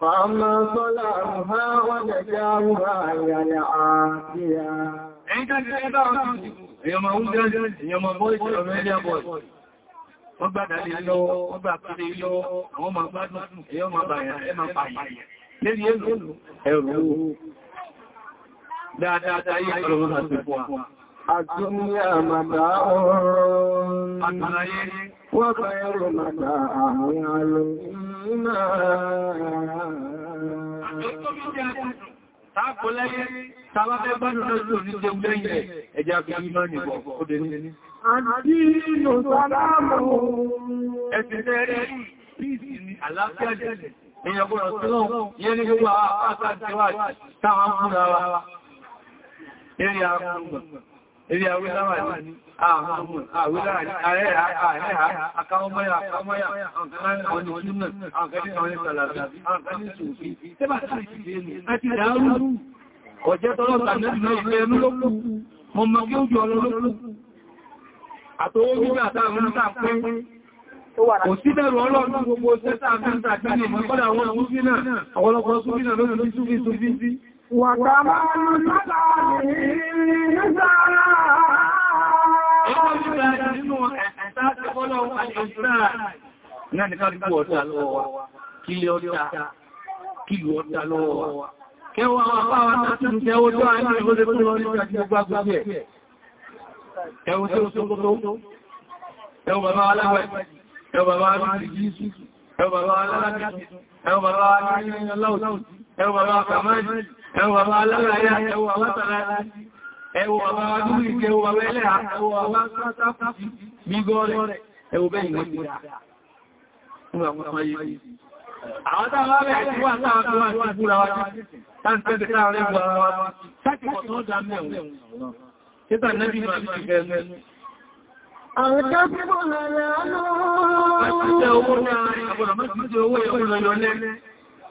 Fàámà sọ́lá àrùhá wọ́n jẹ́ jẹ́ àrùhá àyàlẹ̀ àáríyà. Ẹ̀yìn tàbí ẹgbẹ́ àwọn ọmọ ìyọmọ̀ oúnjẹ́ ìyọmọ̀ bọ́ ìṣẹ̀lẹ̀ mẹ́lẹ́ àbọ̀. Wọ́n gbádà lè lọ, wọ́n gbà pàdé lọ, àwọn ọmọ gbádùn, èyọ́ ma bàyà, ẹ ma pàyà. Lé dáadáa táyé ọlọ́run àti fún wa. Àdúnyà màtà ọ̀rọ̀ àtàlàyé wọ́n bá ẹrù màtà àwọn alòmínà. Àkọlẹ́yẹ tàbátẹ́ bá nínú ọjọ́ òní jẹ́ gbẹ́yẹ ẹjá fi mímọ́ nìbọ̀ ó dé ní. Àdínú sàlámù. Ẹ̀sìn tẹ́rẹ píìsì ni àlàáfíà jẹ́ eré agbùngbà eré awéláwà ní ah, ah, ah, àwọn àwéláàrí ààrẹ àkàwọ́mọ́yà àkàwọ́mọ́yà àwọn ìwọ̀n náà àwọn kẹ́lẹ́ àwọn ìsàlàbí àwọn kẹ́lẹ́ ìsòfin tẹ́bà sí ìdílé àti ìdárú ọjẹ́ tọ́lọ́ta nẹ́bìnà ìfẹ́ ẹnu lókù mọ́ mọ́ kí ó jù ọlọ́lọ́lọ́ àtọwọ́ gbígbà àtàwọn ìta pẹ́ kò sí bẹ̀rù ọlọ́run gbogbo sẹ́ta àti ìta àti ìmọ̀ وكمال المدعي نزعنا Náà ni ká gbọ́ ọ̀tá lọ́wọ́ wa, kí lé ọ̀tá, kí lú ọ̀tá lọ́wọ́ wa. Kẹwàá wà bá wá tàbí ìjẹ́ ojú àìní ìgbóde tó lọ ní ìjàjí gbogbo ẹ̀. Ẹwọ tí ó tó tó, ẹwọ bàbá aláwẹ̀, ẹwọ bàbá aláwẹ̀, ẹwọ bàbá aláwẹ̀, ẹwọ bàbá aláwẹ̀, ẹwọ bàbá aláwẹ̀, ẹwọ bàbá aláwẹ̀, ẹwà bá alárayá ẹwà bá tàrà ẹwà bá adúrú ìkẹ ẹwà bá ẹlẹ́ ẹwà bá sátápù gbígọ́ rẹ̀ ẹwà bẹ́ ìwọ̀n ti rà àwọn táwọn bá bẹ̀rẹ̀ tí wà táwọn tó wà ní ìbúra wájú táǹtẹ́ ti káàrẹ́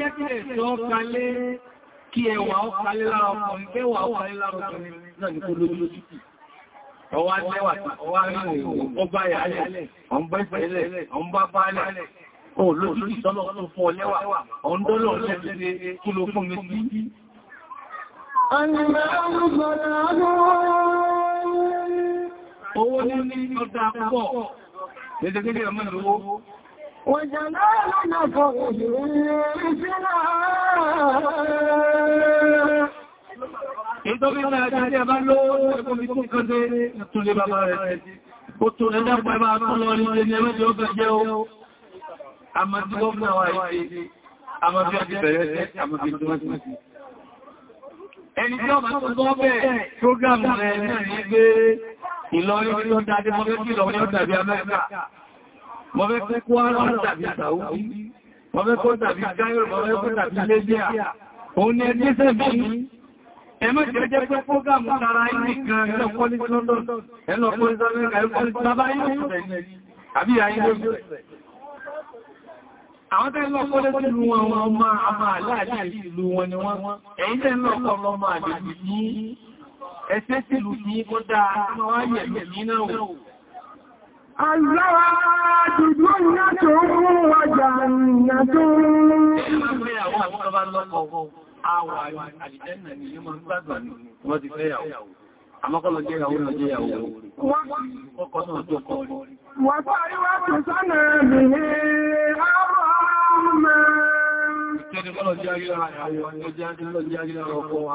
jẹ́ kí ẹ̀ṣọ́ kalé kí ẹwà ó kalé lára ọkùnrin kẹwà ó kalé lára ọkùnrin náà ní kó lójú lójú ọwá lẹ́wà ọwá rí ọgbà ìyálẹ̀ ọmọ ọmọ bálẹ̀ olójú ìtọ́lọ̀ tó fọ́ lẹ́wà ọ̀ndọ́lọ̀ lẹ́fẹ́ kí ló fún mi sí وجلالنا Ìjọba ìrìnà àjáde ẹ̀bá lóòrò ẹ̀kùn bí kún kan dé tún lé bàbá rẹ̀. Ó tún lè dápọ̀ ẹbá tún lọ rí ilé ní ẹmẹ́jì ó gẹ̀ẹ́ ó. A máa tí gọ́ọ̀nà wà ìṣẹ́, mo fẹ́ kó Kwara tàbí Saudi mo fẹ́ kó tàbí Cairo mo fẹ́ kó tàbí Libya òun ni ẹgbẹ́ sẹ́bẹ̀ ní ẹmọ́ jẹ́jẹ́ pé fógàmù tara ilé kan ẹlọ́pọ́lí London ẹlọ́pọ́lí America ẹlọ́pọ́lí bàbá ilé ìpẹ̀lẹ̀ àbí ayé lóṣẹ̀ àwọn tẹ́ lọ́pọ̀ lẹ́sìlú wọn wọn ọmọ àmà aláàlẹ́ ìlú wọn ni wọ́n ẹ̀yìn tẹ́ lọ́pọ̀ lọ́mọ àdèjì Àlọ́wà dùdú ìyá tó mú ọjà ìyá tó mú. Àmọ́kọ́lọ jẹ́ ìyàwó lọ jẹ́ ìyàwó ọkọ̀ náà tó kọ̀ rí. Wà parí wá tó sánà bèèrè ọmọ ọmọ. Ìkẹ́dẹ̀kọ́lọ jẹ́ agílára ìyàwó ọjọ́ jẹ́ agílára ọkọ̀ wa.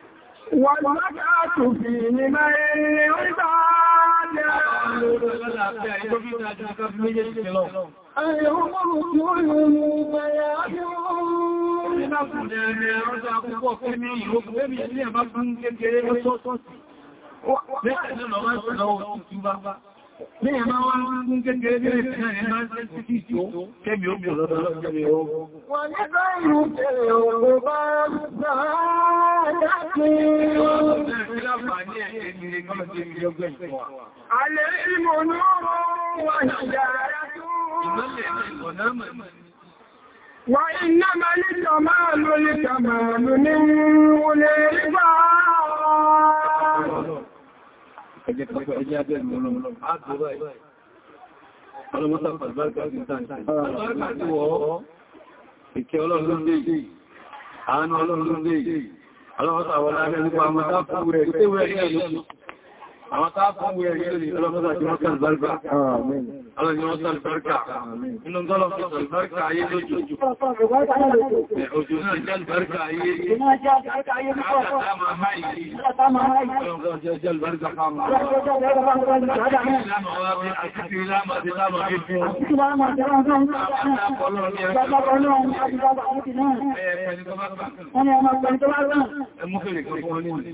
والمتعة في لمن يرضى أيهم رسولهم فيعبرون Wọ́n Ní ẹ̀mọ́ wá ń kékeré bí i ṣe ẹ̀mọ́ sí kí tí ó kẹ́mì ó bèèrè lọ́dọ́lọ́gbẹ̀rẹ̀ ogun. Wọ́n ní bá ìrù tẹ̀rẹ̀ ogun bá ń sáà dákí. Alẹ́ ìmọ̀ náà wà ní ìjàrá tó. Ìmọ́lẹ̀ ìmọ̀ náà ẹjẹ́ abẹ́rù ọlọ́run. Á tó báyìí. Ọlọ́mọ́sá pàdùbárkà sí ìtàǹtì. Àbárkà sí wọ́ ìkẹ́ ọlọ́run ló dé, àánú ọlọ́run ló dé, ọlọ́mọ́sá wọ́n lábẹ́ nípa àmọ́ta fún rẹ̀ àwọn táàkùn wé ẹ̀rí lórí ọlọ́pàá tí wọ́n kàn bárkà ọlọ́pàá ni wọ́n kàn bárkà inú tọ́lọ́pàá kàn bárkà ayé lójú òjò náà jẹ́ bárkà ayé Ẹ̀mú fèrè kan fún ọ ní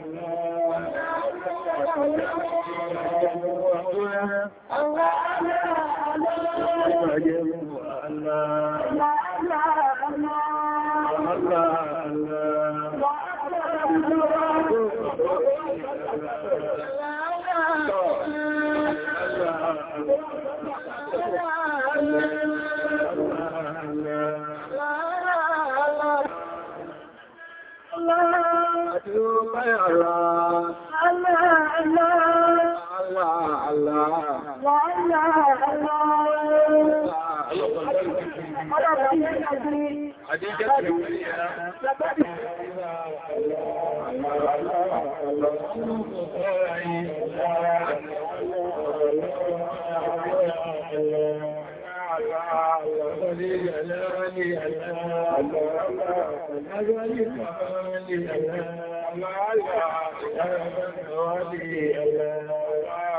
Àti ó bá yàrá Allah. La ilaha illallah. Allah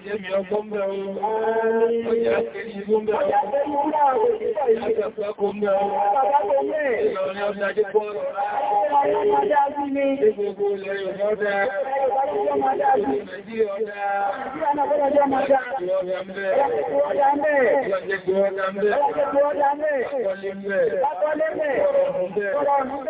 Ọjọ́ mi ọjọ́ akẹ́lì ọjọ́ akẹ́kọ̀ọ́ ọjọ́ ajé ọjọ́ àmẹ́, ọjọ́ ẹgbẹ̀rún ọjọ́ ẹgbẹ̀rún ọjọ́ ẹgbẹ̀rún ọjọ́ ẹgbẹ̀rún ọjọ́ ẹgbẹ̀rún ọjọ́ ẹgbẹ̀rún ọjọ́ ẹgbẹ̀rún ọjọ́ ẹgbẹ̀rún ọjọ́ ẹgbẹ̀rún ọjọ́ ẹgbẹ̀rún ọjọ́ ẹgbẹ̀rún ọjọ́ ẹgbẹ̀rún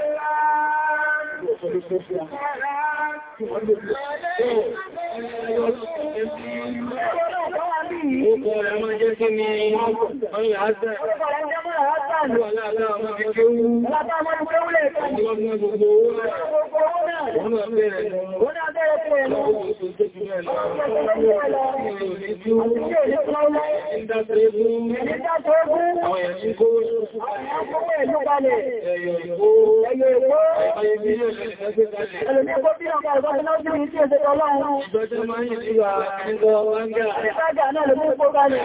Thank you. Ọkọ̀ rẹ̀ máa jẹ́ sí ni ọyìn àádẹ́. Ọjọ́ aláàlá ọmọ fi kí ó Ọjọ́ ọmọ fi kí ó wúlẹ̀ Ọjọ́ ọmọ Ọjọ́ ọmọ Ọjọ́ bẹ̀rẹ̀ Ọjọ́ ọmọ Ọjọ́ ọmọ Ọjọ́ ọmọ Ọjọ́ ọmọ Wọ́n ni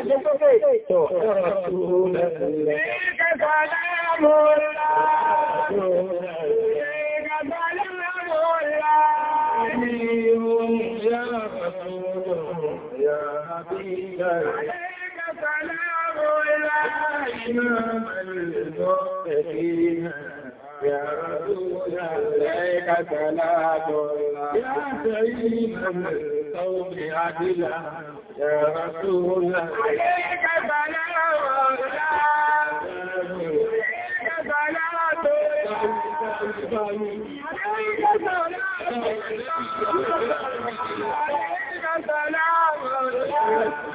ẹ̀jẹ́ tó fẹ́ ìtọ̀. Ní kẹta láàmù ọ̀la. Ní kẹta láàmù ọ̀la. Ní ìhùn yára pàtàkì yára bí i يا رسول عليك صلاة الله يا سيد القوم عدلا يا رسول عليك صلاة الله عليك صلاة الله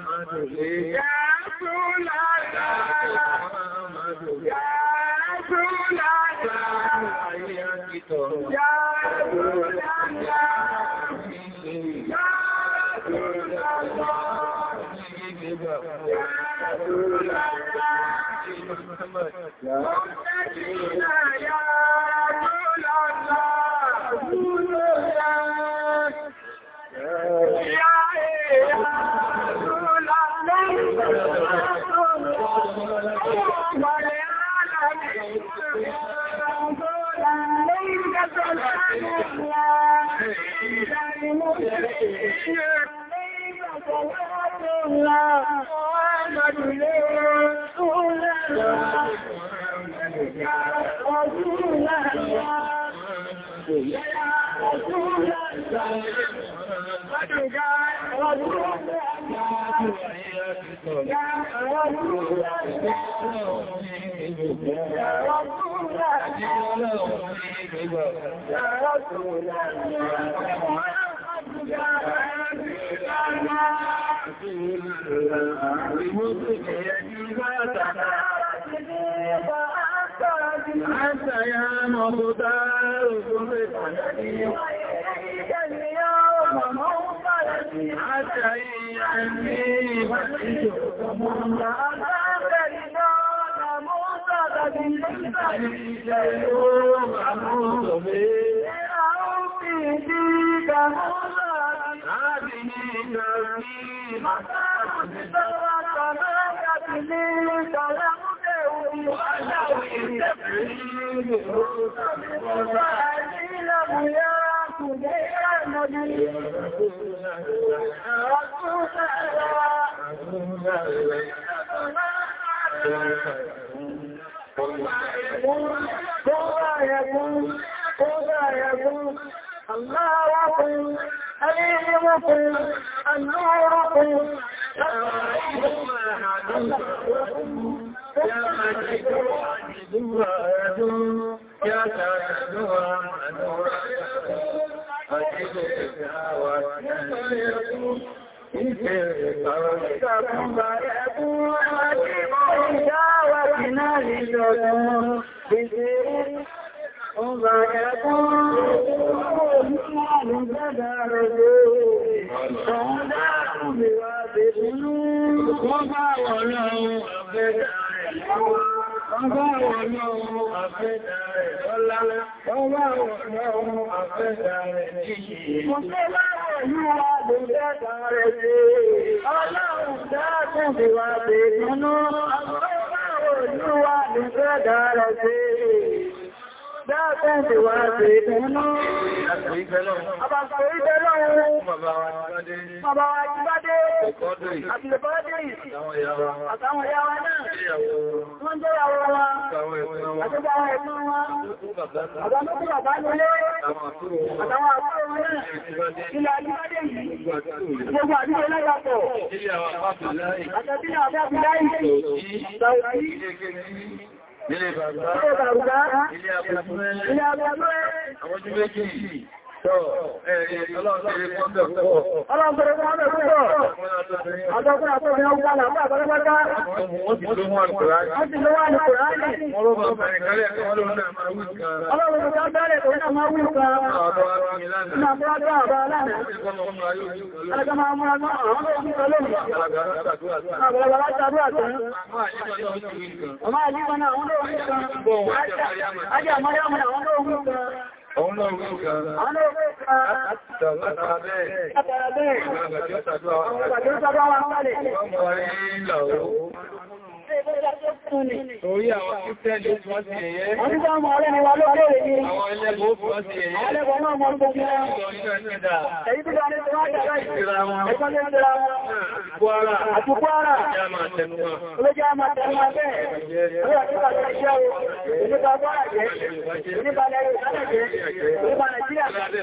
yìí. Ìmúsùn ìyẹ́ ìgbà tàbí ìgbà Àṣà ya mọ̀ tó dáàrù tó fẹ́ pàdé. Àṣà ya ẹ̀mí ìbáṣíjò tó mọ́ Àbí ní ìrìn àrí, màtàkùn ìjọba kọ̀lọ́gbà ti ní ìjọba ولو التفريد وعلي لم يعقد يا نبي رسول الله كما يكون كما يكون الله يقول أليم يقول النور يقول يا مجيد وعدوها يدوم يا تعدوها منورا أجيب الدعوة يدوم Ọba ọ̀rọ̀ ọ̀gbẹ̀dà Ọba ọ̀nà ọmọ àfẹ́dà rẹ̀ lọ́lá, ọba ọ̀nà ọmọ àfẹ́dà rẹ̀ jíjì. Mo fẹ́ láwọn yíwa bó dẹ́ta rẹ̀ ṣe, ọlọ́run dákùn bí wà bèèrè nú, ọba Dáàbẹ́ǹdì wà ṣe ìtẹ́lọ́. Àbàṣọ ìbẹ̀lọ́. Àbàṣọ ìbẹ̀lọ́. Bàbá wa ti bá dé. Bàbá wa ti bá dé. Àti lè bá dé yìí. Àtàwọn ìyá wa. Àtàwọn ìyá wa náà. Wọ́n jẹ́ ìyàwó wa. Àtàwọn ẹ̀gbọ́n wa. Àtàwọn àwọn àbábìláì. Àtàbí ilé bàbá, ilé àbúrẹ́, àwọn ojú méjì Eh, eh, ọmọ àjíwọ̀n àwọn olóòrùn kan, ajá àmọ́lẹ́ ọmọ àwọn olóòrùn kan. Òun lọ wí ìgbà àtàlátà bẹ́ẹ̀. Àtàlátà bẹ́ẹ̀. Ìgbà àgbàjọ́ Orí àwọn kírísítẹ́lì ó tún sí ẹ̀yẹ́. Àwọn ìgbà ọmọ ọ̀rẹ́ ni wà lókèrè ní. Àwọn ẹlẹ́gbọ́n ó tún sí ẹ̀yẹ́. Ẹlẹ́gbọ́n náà mọ́ gbogbo ẹ̀yí tó dáadé tó wá dáadáa ìsìnra wọn. Ẹgbọ́n ní ìsìnra wọn. Àtùkú ara. Àtùkú ara. Ìjá máa tẹnumọ́. Olójá máa tẹnumọ́ bẹ́ẹ̀. Olójá tó bá jẹ́ iṣẹ́ o. Onípa bọ́ra jẹ́. Onípa lẹ́yìn ìsánà jẹ́. Onípa Nàìjíríà. Abẹ́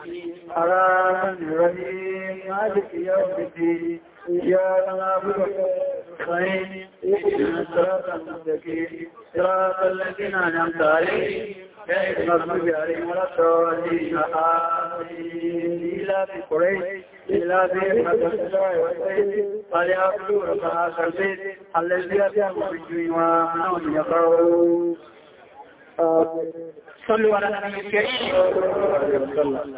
الرحمن الرحيم مالك يوم الدين إياك نعبد خير إهدنا الصراط المستقيم صراط الذين أنعمت عليهم غير المغضوب عليهم ولا الضالين آمين إلا في قريش إلا في مدرسة الشرع والسيد فليعبدوا رب هذا البيت الذي أتاهم بالجوع وآمنوا يقرؤون صلوا على النبي الكريم